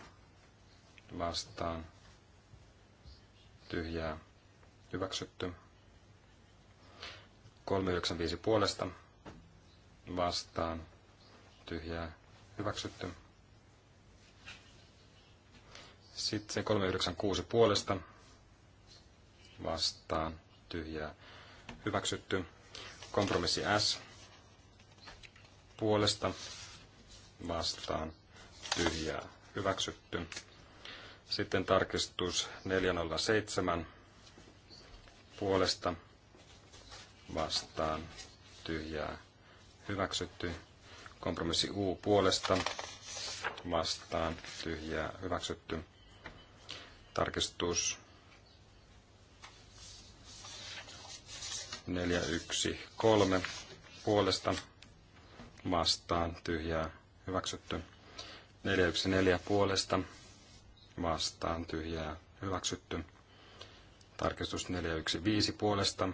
vastaan tyhjää hyväksytty. 395 puolesta vastaan tyhjää hyväksytty. Sitten 396 puolesta vastaan tyhjää hyväksytty. Kompromissi S puolesta vastaan tyhjää hyväksytty. Sitten tarkistus 407 puolesta vastaan tyhjää hyväksytty. Kompromissi U puolesta vastaan tyhjää hyväksytty. Tarkistus 413 puolesta vastaan tyhjää hyväksytty. 414 puolesta vastaan tyhjää hyväksytty. Tarkistus 415 puolesta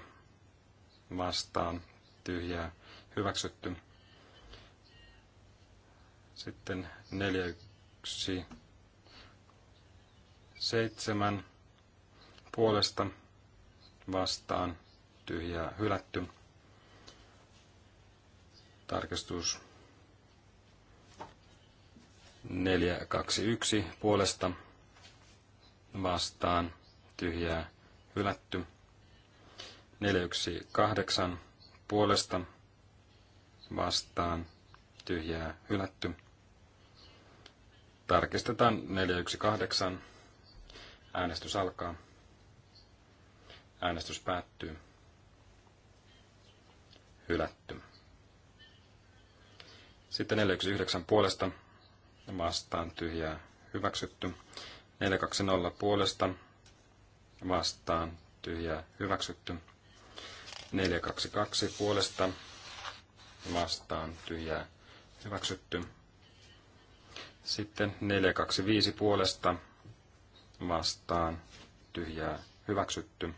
vastaan tyhjää hyväksytty. Sitten 417 puolesta vastaan ja hylätty. Tarkistus 421 puolesta vastaan tyhjää hylätty. 418 puolesta vastaan tyhjää hylätty. Tarkistetaan 418. Äänestys alkaa. Äänestys päättyy hylätty. Sitten 419 puolesta vastaan tyhjää hyväksytty. 420 puolesta vastaan tyhjää hyväksytty. 422 puolesta vastaan tyhjää hyväksytty. Sitten 425 puolesta vastaan tyhjää hyväksytty.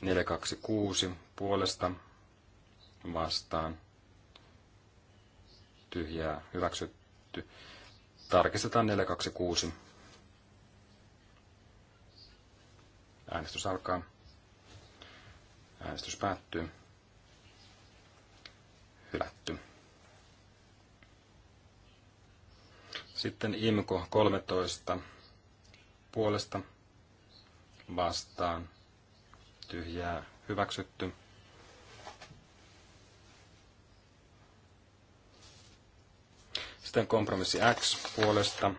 426 puolesta vastaan tyhjää hyväksytty. Tarkistetaan 426. Äänestys alkaa. Äänestys päättyy. Hylätty. Sitten IMKO 13 puolesta vastaan tyhjää hyväksytty. Sitten kompromissi X puolesta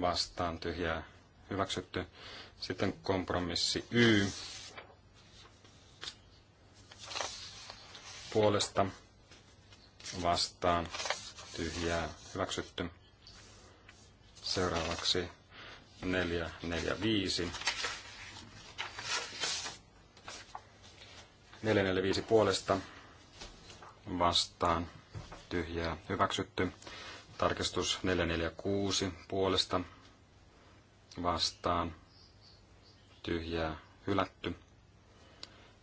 vastaan tyhjää hyväksytty. Sitten kompromissi Y puolesta vastaan tyhjää hyväksytty. Seuraavaksi 4, 4, 5. 445 puolesta vastaan tyhjää hyväksytty. Tarkistus 446 puolesta vastaan tyhjää hylätty.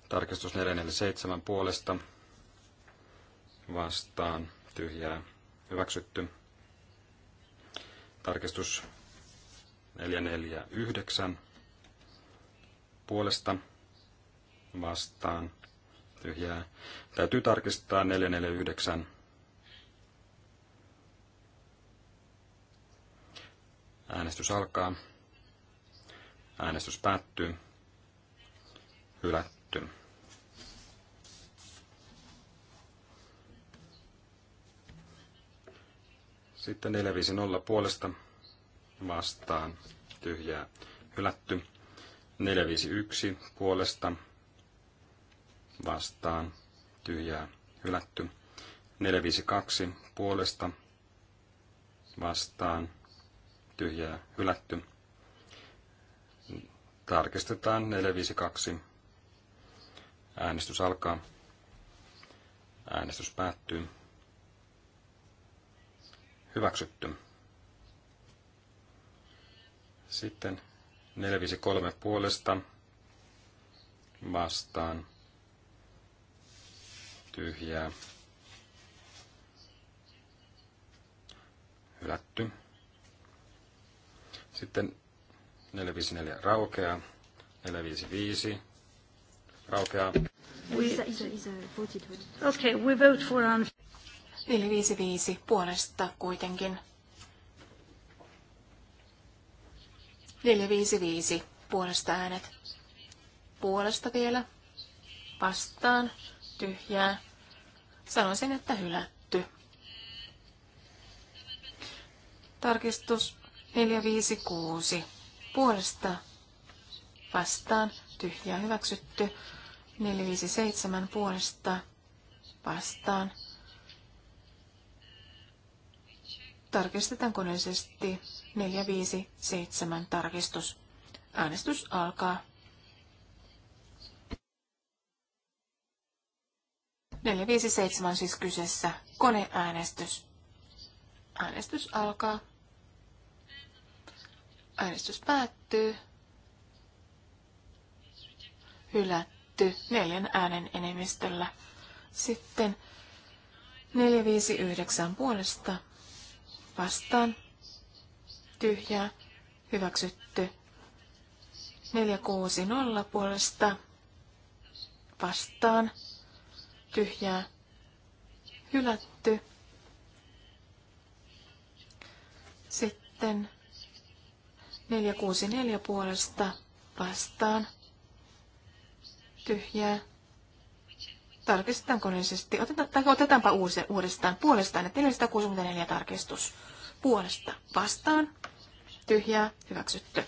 Tarkistus 447 puolesta vastaan tyhjää hyväksytty. Tarkistus 449 puolesta vastaan tyhjää. Täytyy tarkistaa 449 Äänestys alkaa. Äänestys päättyy. Hylätty. Sitten 450 puolesta vastaan tyhjää hylätty. 451 puolesta vastaan tyhjää hylätty. 452 puolesta vastaan tyhjää hylätty. Tarkistetaan 452. Äänestys alkaa. Äänestys päättyy. Hyväksytty. Sitten 453 puolesta vastaan tyhjää. Hylätty. Sitten 454 raukeaa. 455 raukeaa. Okei, okay, we vote for on... 455 puolesta kuitenkin. 455 puolesta äänet. Puolesta vielä. Vastaan. Tyhjää. Sanoisin, että hylätty. Tarkistus 456. Puolesta vastaan. Tyhjä hyväksytty. 457. Puolesta vastaan. Tarkistetaan koneellisesti 457 tarkistus. Äänestys alkaa. 457 siis kyseessä. Koneäänestys. Äänestys alkaa. Äänestys päättyy. Hylätty neljän äänen enemmistöllä. Sitten 459 puolesta vastaan. Tyhjää. Hyväksytty. 460 puolesta vastaan. Tyhjää. Hylätty. Sitten 464 puolesta vastaan. Tyhjää. Tarkistetaan koneellisesti. Otetaan, otetaanpa uusi, uudestaan puolestaan, 464 tarkistus. Puolesta vastaan. Tyhjää. Hyväksytty.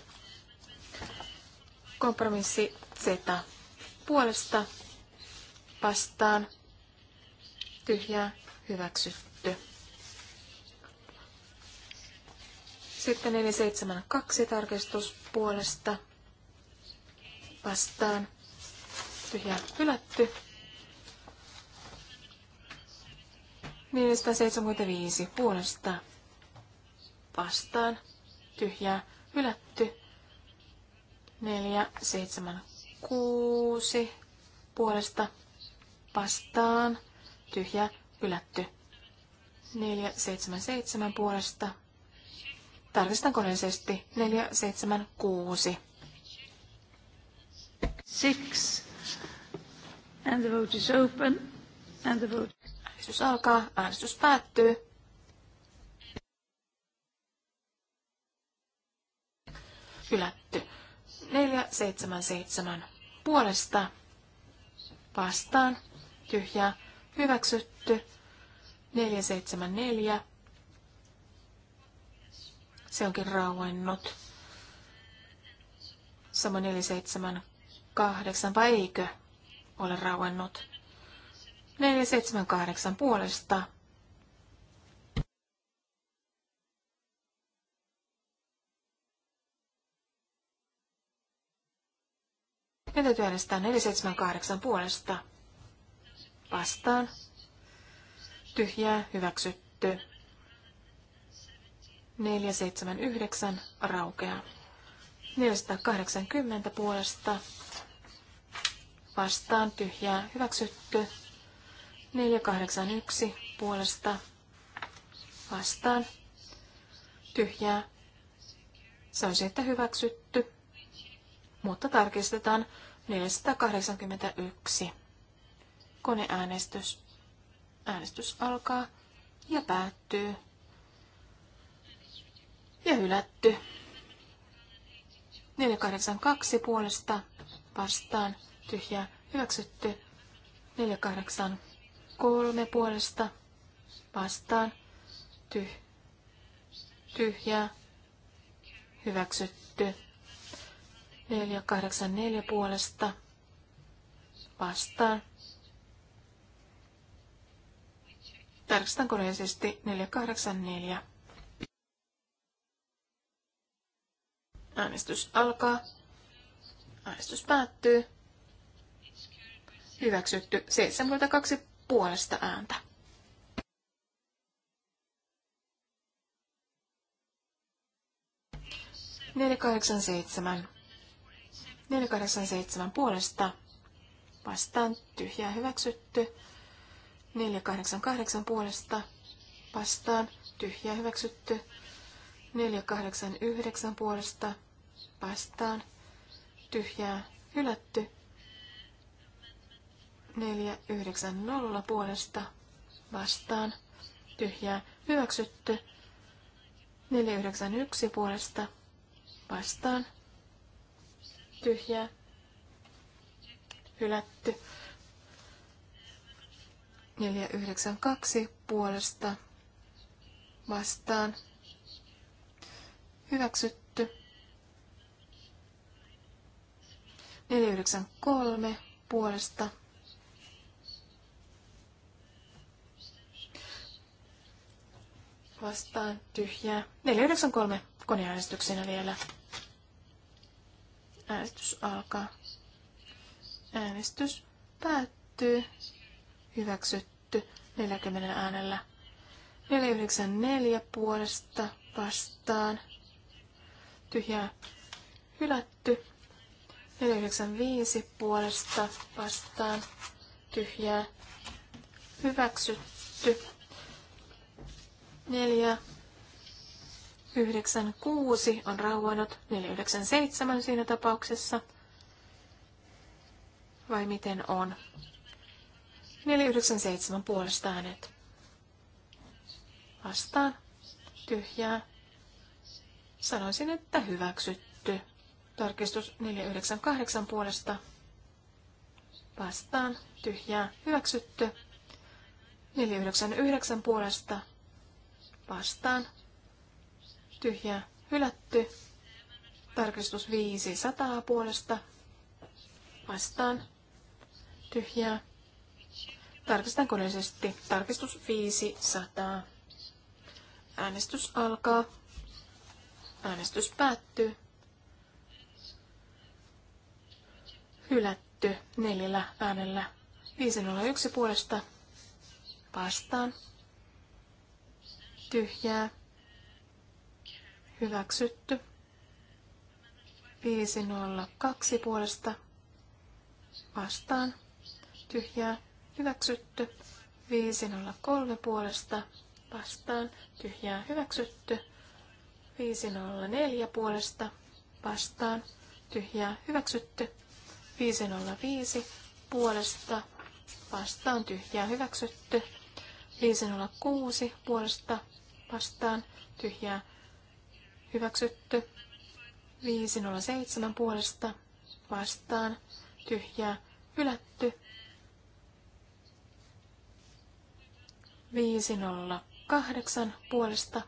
Kompromissi Z. Puolesta vastaan. Tyhjää. Hyväksytty. Sitten 472 tarkistus puolesta vastaan. Tyhjä hylätty. 475 puolesta vastaan. Tyhjää hylätty. 476 puolesta vastaan. Tyhjä hylätty. 477 puolesta Tarkistan koneellisesti 476. Six. And the vote is open. And the vote... Äänestys alkaa. Äänestys päättyy. Hylätty. 477. Puolesta. Vastaan. Tyhjää. Hyväksytty. 474 se onkin rauennut. Samoin 478, vai eikö ole rauennut? 478 puolesta. Meidän täytyy äänestää 478 puolesta. Vastaan. Tyhjää hyväksytty. 479 raukeaa. 480 puolesta vastaan tyhjää hyväksytty. 481 puolesta vastaan tyhjää. Se on sitten hyväksytty, mutta tarkistetaan 481. Koneäänestys. Äänestys alkaa ja päättyy ja hylätty. 482 puolesta vastaan tyhjä hyväksytty. 483 puolesta vastaan tyh, tyhjä hyväksytty. 484 puolesta vastaan. Tarkistan koneisesti 484. Äänestys alkaa. Äänestys päättyy. Hyväksytty 72 puolesta ääntä. Neljä kahdeksan seitsemän. Neljä kahdeksan seitsemän puolesta. Vastaan tyhjää hyväksytty. Neljä kahdeksan kahdeksan puolesta. Vastaan tyhjää hyväksytty. 489 puolesta vastaan tyhjää hylätty. 490 puolesta vastaan tyhjää hyväksytty. 491 puolesta vastaan tyhjää hylätty. 492 puolesta vastaan Hyväksytty. 493 puolesta. Vastaan tyhjää. 493 koneäänestyksenä vielä. Äänestys alkaa. Äänestys päättyy. Hyväksytty 40 äänellä. 494 puolesta vastaan tyhjää hylätty. 495 puolesta vastaan tyhjää hyväksytty. 496 on rauhoinut. 497 siinä tapauksessa. Vai miten on? 497 puolesta äänet. Vastaan. Tyhjää. Sanoisin, että hyväksytty. Tarkistus 498 puolesta. Vastaan. Tyhjää. Hyväksytty. 499 puolesta. Vastaan. Tyhjää. Hylätty. Tarkistus 500 puolesta. Vastaan. Tyhjää. Tarkistan koneellisesti. Tarkistus 500. Äänestys alkaa. Äänestys päättyy. Hylätty neljällä äänellä. 501 puolesta vastaan. Tyhjää. Hyväksytty. 502 puolesta vastaan. Tyhjää. Hyväksytty. 503 puolesta vastaan. Tyhjää. Hyväksytty. 504 puolesta vastaan tyhjää hyväksytty. 505 puolesta vastaan tyhjää hyväksytty. 506 puolesta vastaan tyhjää hyväksytty. 507 puolesta vastaan tyhjää hylätty. 508 puolesta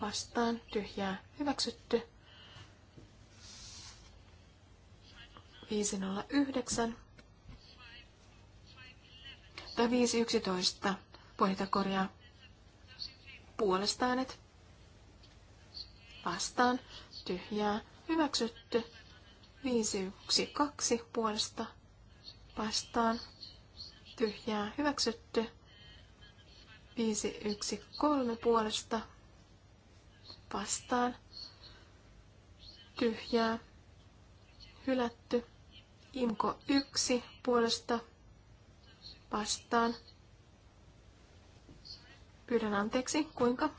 vastaan tyhjää hyväksytty. 509 tai 511 puheita korjaa puolestaan, et. vastaan tyhjää hyväksytty. 512 puolesta vastaan tyhjää hyväksytty. 513 puolesta vastaan, tyhjää, hylätty. Imko yksi puolesta vastaan. Pyydän anteeksi, kuinka?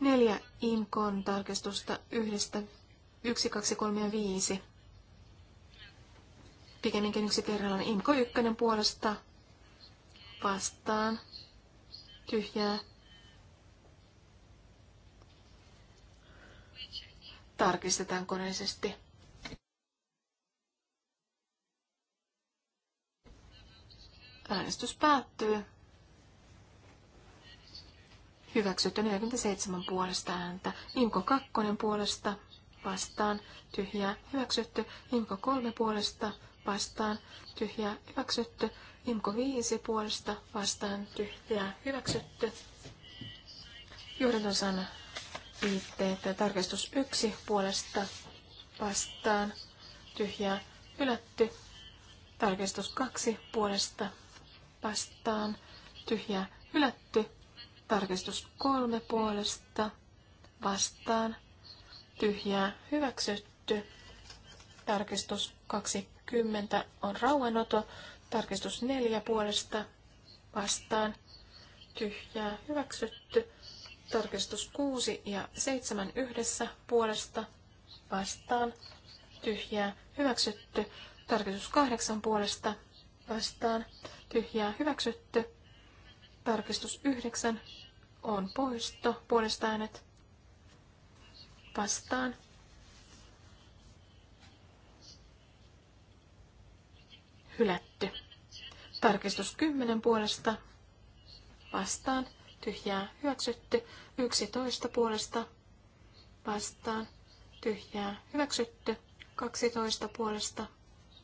Neljä Imkon tarkistusta yhdestä, yksi, kaksi, kolme ja viisi. Pikemminkin yksi kerrallaan Imko ykkönen puolesta vastaan, tyhjää. Tarkistetaan koneisesti. Äänestys päättyy. Hyväksytty 47 puolesta ääntä. Inko 2 puolesta vastaan tyhjää hyväksytty. Inko 3 puolesta vastaan tyhjää hyväksytty. Imko 5 puolesta vastaan tyhjää hyväksytty. Johdantosan viitteet tarkistus yksi puolesta vastaan tyhjää hylätty. Tarkistus kaksi puolesta vastaan tyhjää hylätty. Tarkistus kolme puolesta vastaan tyhjää hyväksytty. Tarkistus 20 on rauhanoto. Tarkistus neljä puolesta vastaan tyhjää hyväksytty. Tarkistus 6 ja 7 yhdessä puolesta vastaan tyhjää hyväksytty. Tarkistus 8 puolesta vastaan tyhjää hyväksytty. Tarkistus 9 on poisto puolesta äänet vastaan hylätty. Tarkistus 10 puolesta vastaan tyhjää hyväksytty. 11 puolesta vastaan tyhjää hyväksytty. 12 puolesta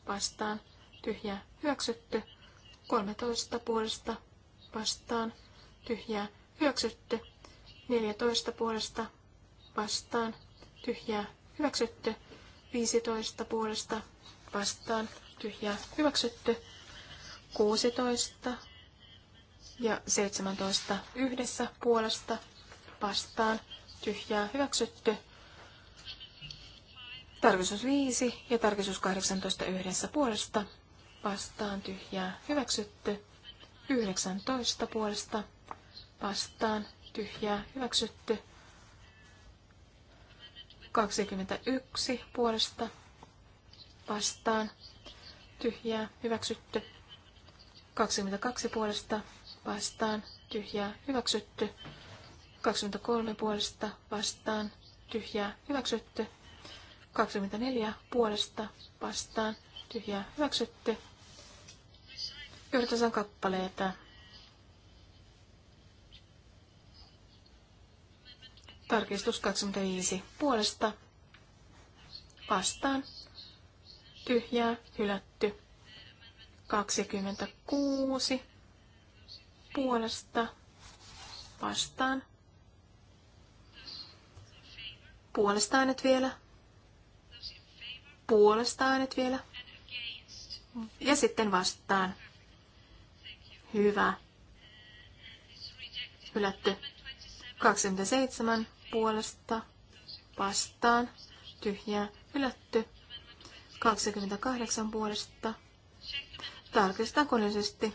vastaan tyhjää hyväksytty. 13 puolesta vastaan tyhjää hyväksytty. 14 puolesta vastaan tyhjää hyväksytty. 15 puolesta vastaan tyhjää hyväksytty. 16 ja 17 yhdessä puolesta vastaan tyhjää hyväksytty. Tarkistus 5 ja tarkistus 18 yhdessä puolesta vastaan tyhjää hyväksytty. 19 puolesta vastaan tyhjää hyväksytty. 21 puolesta vastaan tyhjää, hyväksytty. 22 puolesta vastaan, tyhjää, hyväksytty. 23 puolesta vastaan, tyhjää, hyväksytty. 24 puolesta vastaan, tyhjää, hyväksytty. Yhdeksän kappaleita. Tarkistus 25 puolesta vastaan, tyhjää, hylätty. 26 puolesta vastaan. Puolesta äänet vielä. Puolesta äänet vielä. Ja sitten vastaan. Hyvä. Hylätty. 27 puolesta vastaan. Tyhjää. Hylätty. 28 puolesta. Tarkistetaan koneellisesti.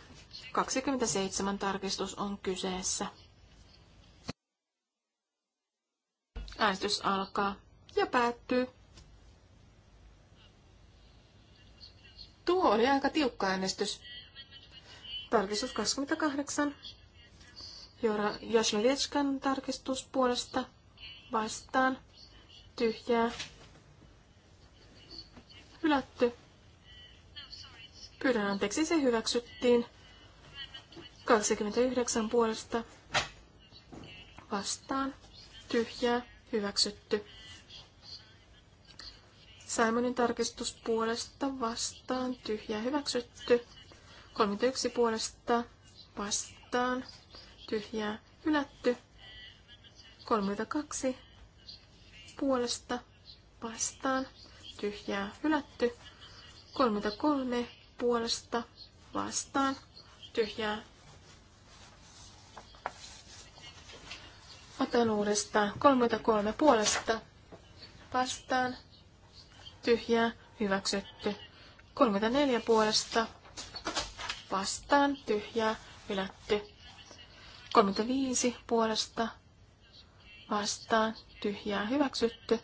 27 tarkistus on kyseessä. Äänestys alkaa ja päättyy. Tuo oli aika tiukka äänestys. Tarkistus 28. Jora Jaslovetskan tarkistus puolesta vastaan. Tyhjää Hylätty. Pyydän anteeksi, se hyväksyttiin. 29 puolesta vastaan. Tyhjää. Hyväksytty. Simonin tarkistus puolesta vastaan. Tyhjää. Hyväksytty. 31 puolesta vastaan. Tyhjää. Hylätty. 32 puolesta vastaan tyhjää hylätty. 33 puolesta vastaan tyhjää. Otan uudestaan 33 puolesta vastaan tyhjää hyväksytty. 34 puolesta vastaan tyhjää hylätty. 35 puolesta vastaan tyhjää hyväksytty.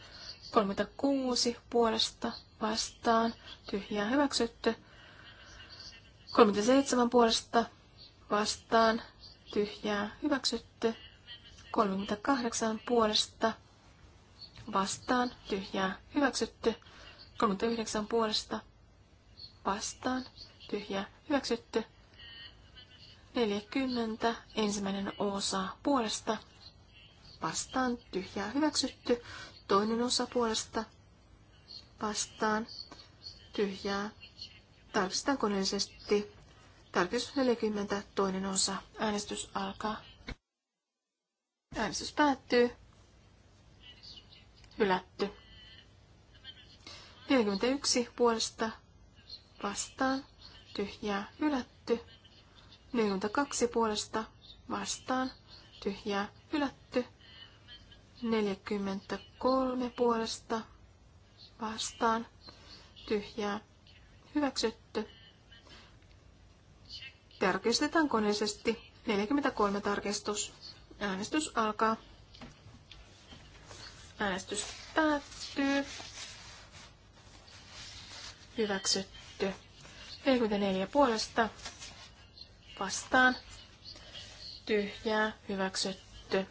36 puolesta vastaan, tyhjää hyväksytty. 37 puolesta vastaan, tyhjää hyväksytty. 38 puolesta vastaan, tyhjää hyväksytty. 39 puolesta vastaan, tyhjää hyväksytty. 40 ensimmäinen osa puolesta vastaan, tyhjää hyväksytty. Toinen osa puolesta vastaan tyhjää. Tarkistetaan koneellisesti. Tarkistus 40, toinen osa. Äänestys alkaa. Äänestys päättyy. Hylätty. 41 puolesta vastaan. Tyhjää. Hylätty. 42 puolesta vastaan. Tyhjää. Hylätty. 43 puolesta vastaan tyhjää hyväksytty. Tarkistetaan koneisesti 43 tarkistus. Äänestys alkaa. Äänestys päättyy. Hyväksytty. 44 puolesta vastaan. Tyhjää hyväksytty.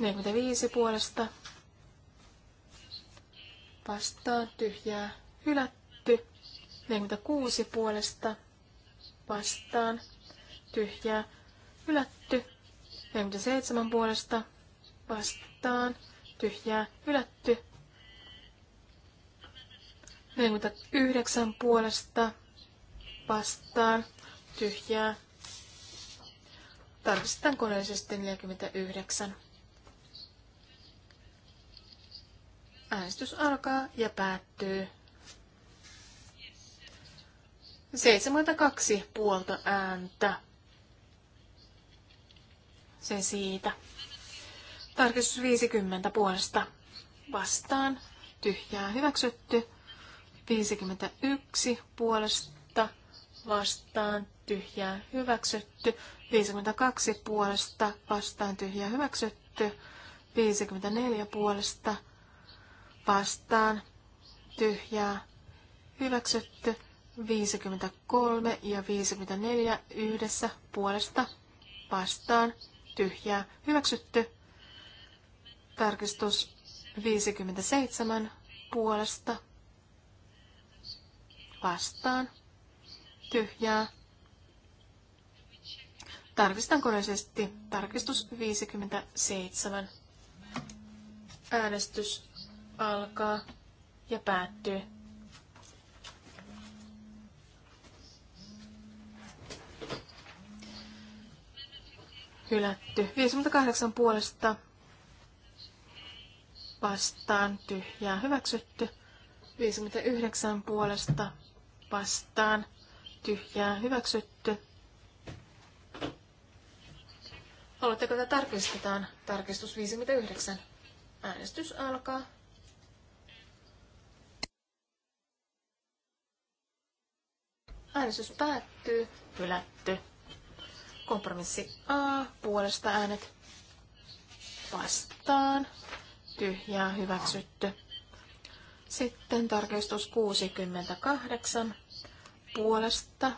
45 puolesta vastaan tyhjää hylätty. 46 puolesta vastaan tyhjää hylätty. 47 puolesta vastaan tyhjää hylätty. 49 puolesta vastaan tyhjää. Tarkistetaan koneellisesti 49. Äänestys alkaa ja päättyy. 72 puolta ääntä. Se siitä. Tarkistus 50 puolesta vastaan. Tyhjää hyväksytty. 51 puolesta vastaan. Tyhjää hyväksytty. 52 puolesta vastaan. Tyhjää hyväksytty. 54 puolesta vastaan vastaan, tyhjää, hyväksytty. 53 ja 54 yhdessä puolesta vastaan, tyhjää, hyväksytty. Tarkistus 57 puolesta vastaan, tyhjää. Tarkistan koneisesti tarkistus 57. Äänestys alkaa ja päättyy. Hylätty. 58 puolesta vastaan tyhjää hyväksytty. 59 puolesta vastaan tyhjää hyväksytty. Haluatteko, että tarkistetaan? Tarkistus 59. Äänestys alkaa. Äänestys päättyy. Hylätty. Kompromissi A. Puolesta äänet vastaan. Tyhjää hyväksytty. Sitten tarkistus 68. Puolesta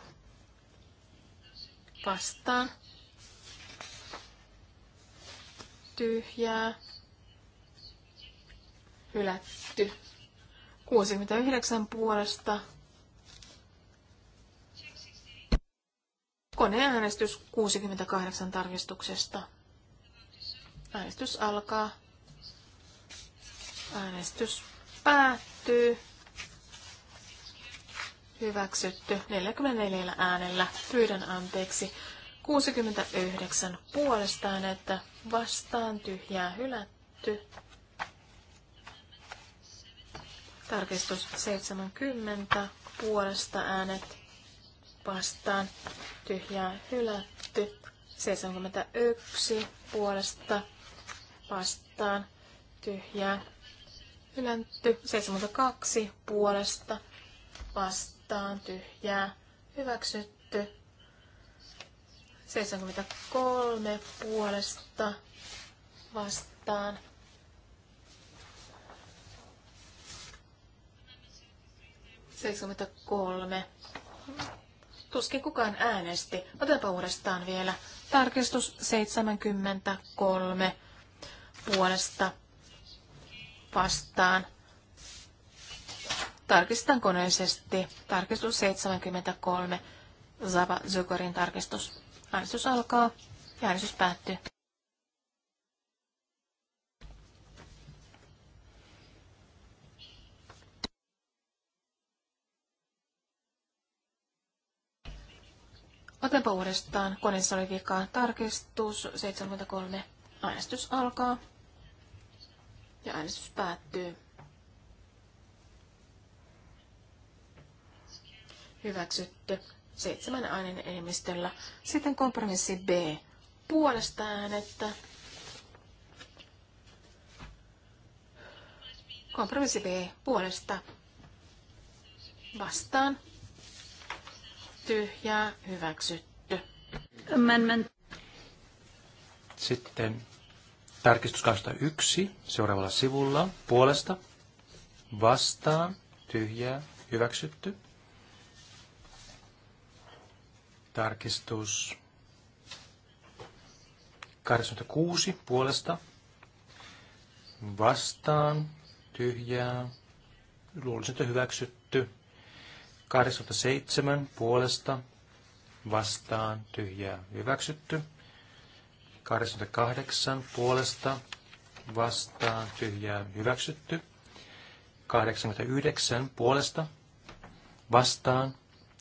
vastaan. Tyhjää. Hylätty. 69 puolesta Koneäänestys 68 tarkistuksesta. Äänestys alkaa. Äänestys päättyy. Hyväksytty 44 äänellä. Pyydän anteeksi. 69 puolestaan, että vastaan tyhjää hylätty. Tarkistus 70 puolesta äänet vastaan tyhjää hylätty. 71 puolesta vastaan tyhjää hylätty. 72 puolesta vastaan tyhjää hyväksytty. 73 puolesta vastaan kolme. Tuskin kukaan äänesti. Otetaanpa uudestaan vielä. Tarkistus 73 puolesta vastaan. Tarkistan koneisesti. Tarkistus 73. Zaba Zykorin tarkistus. Äänestys alkaa ja äänestys päättyy. Otetaanpa uudestaan. Koneessa oli vika. Tarkistus 73. Äänestys alkaa. Ja äänestys päättyy. Hyväksytty. Seitsemän äänen enemmistöllä. Sitten kompromissi B. Puolesta äänettä. Kompromissi B. Puolesta. Vastaan ja hyväksytty. Amendment. Sitten tarkistus 21 seuraavalla sivulla puolesta vastaan, tyhjää, hyväksytty. Tarkistus 86 puolesta vastaan, tyhjää, luulisin, että hyväksytty. 87 puolesta vastaan tyhjää hyväksytty. 88 puolesta vastaan tyhjää hyväksytty. 89 puolesta vastaan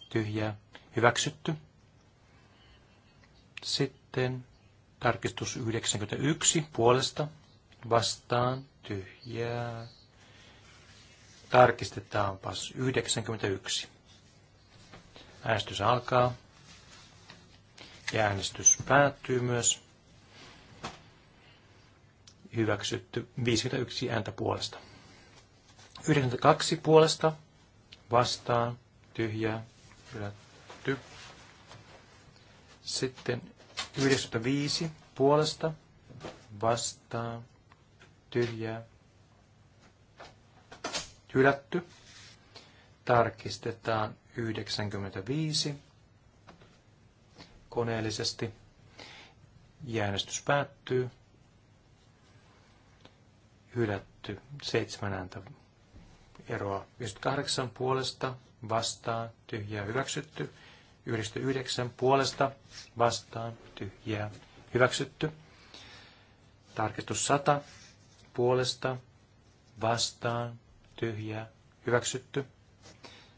tyhjää hyväksytty. Sitten tarkistus 91 puolesta vastaan tyhjää. Tarkistetaanpas 91. Äänestys alkaa. Ja äänestys päättyy myös. Hyväksytty 51 ääntä puolesta. 92 puolesta vastaan tyhjää hylätty. Sitten 95 puolesta vastaan tyhjää hylätty. Tarkistetaan 95 koneellisesti. Jäänestys päättyy. Hylätty seitsemän ääntä eroa. 58 puolesta vastaan tyhjää hyväksytty. 99 puolesta vastaan tyhjää hyväksytty. Tarkistus 100 puolesta vastaan tyhjää hyväksytty.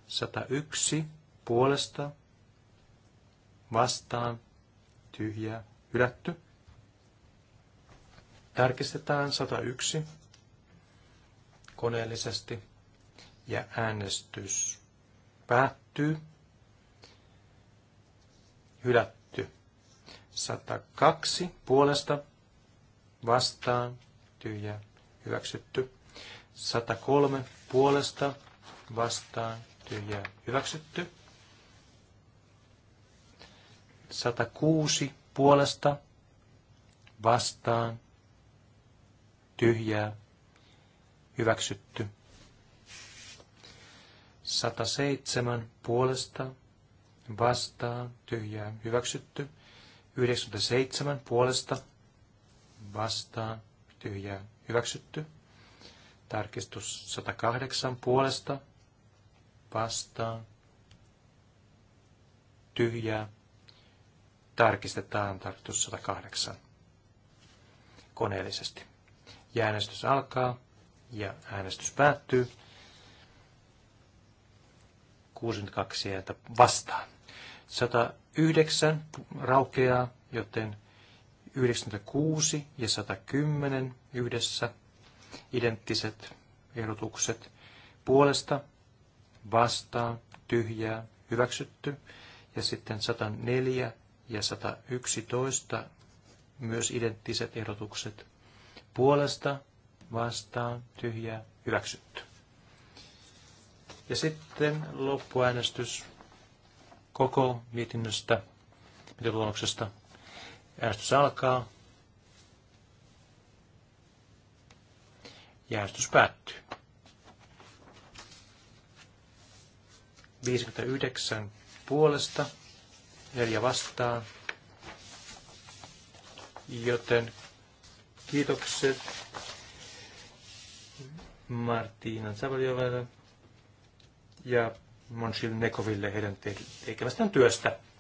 101 puolesta vastaan tyhjä hylätty. Tarkistetaan 101 koneellisesti ja äänestys päättyy. Hylätty. 102 puolesta vastaan tyhjä hyväksytty. 103 puolesta vastaan ja hyväksytty. 106 puolesta vastaan tyhjää hyväksytty. 107 puolesta vastaan tyhjää hyväksytty. 97 puolesta vastaan tyhjää hyväksytty. Tarkistus 108 puolesta vastaan, tyhjää, tarkistetaan tarkistus 108 koneellisesti. Ja äänestys alkaa ja äänestys päättyy. 62 ääntä vastaan. 109 raukeaa, joten 96 ja 110 yhdessä identtiset ehdotukset puolesta vastaa tyhjää, hyväksytty. Ja sitten 104 ja 111 myös identtiset ehdotukset puolesta, vastaan, tyhjää, hyväksytty. Ja sitten loppuäänestys koko mietinnöstä, luonnoksesta Äänestys alkaa. Ja äänestys päättyy. 59 puolesta, 4 vastaan. Joten kiitokset Martina Savaljovalle ja Monsil Nekoville heidän tekemästään työstä.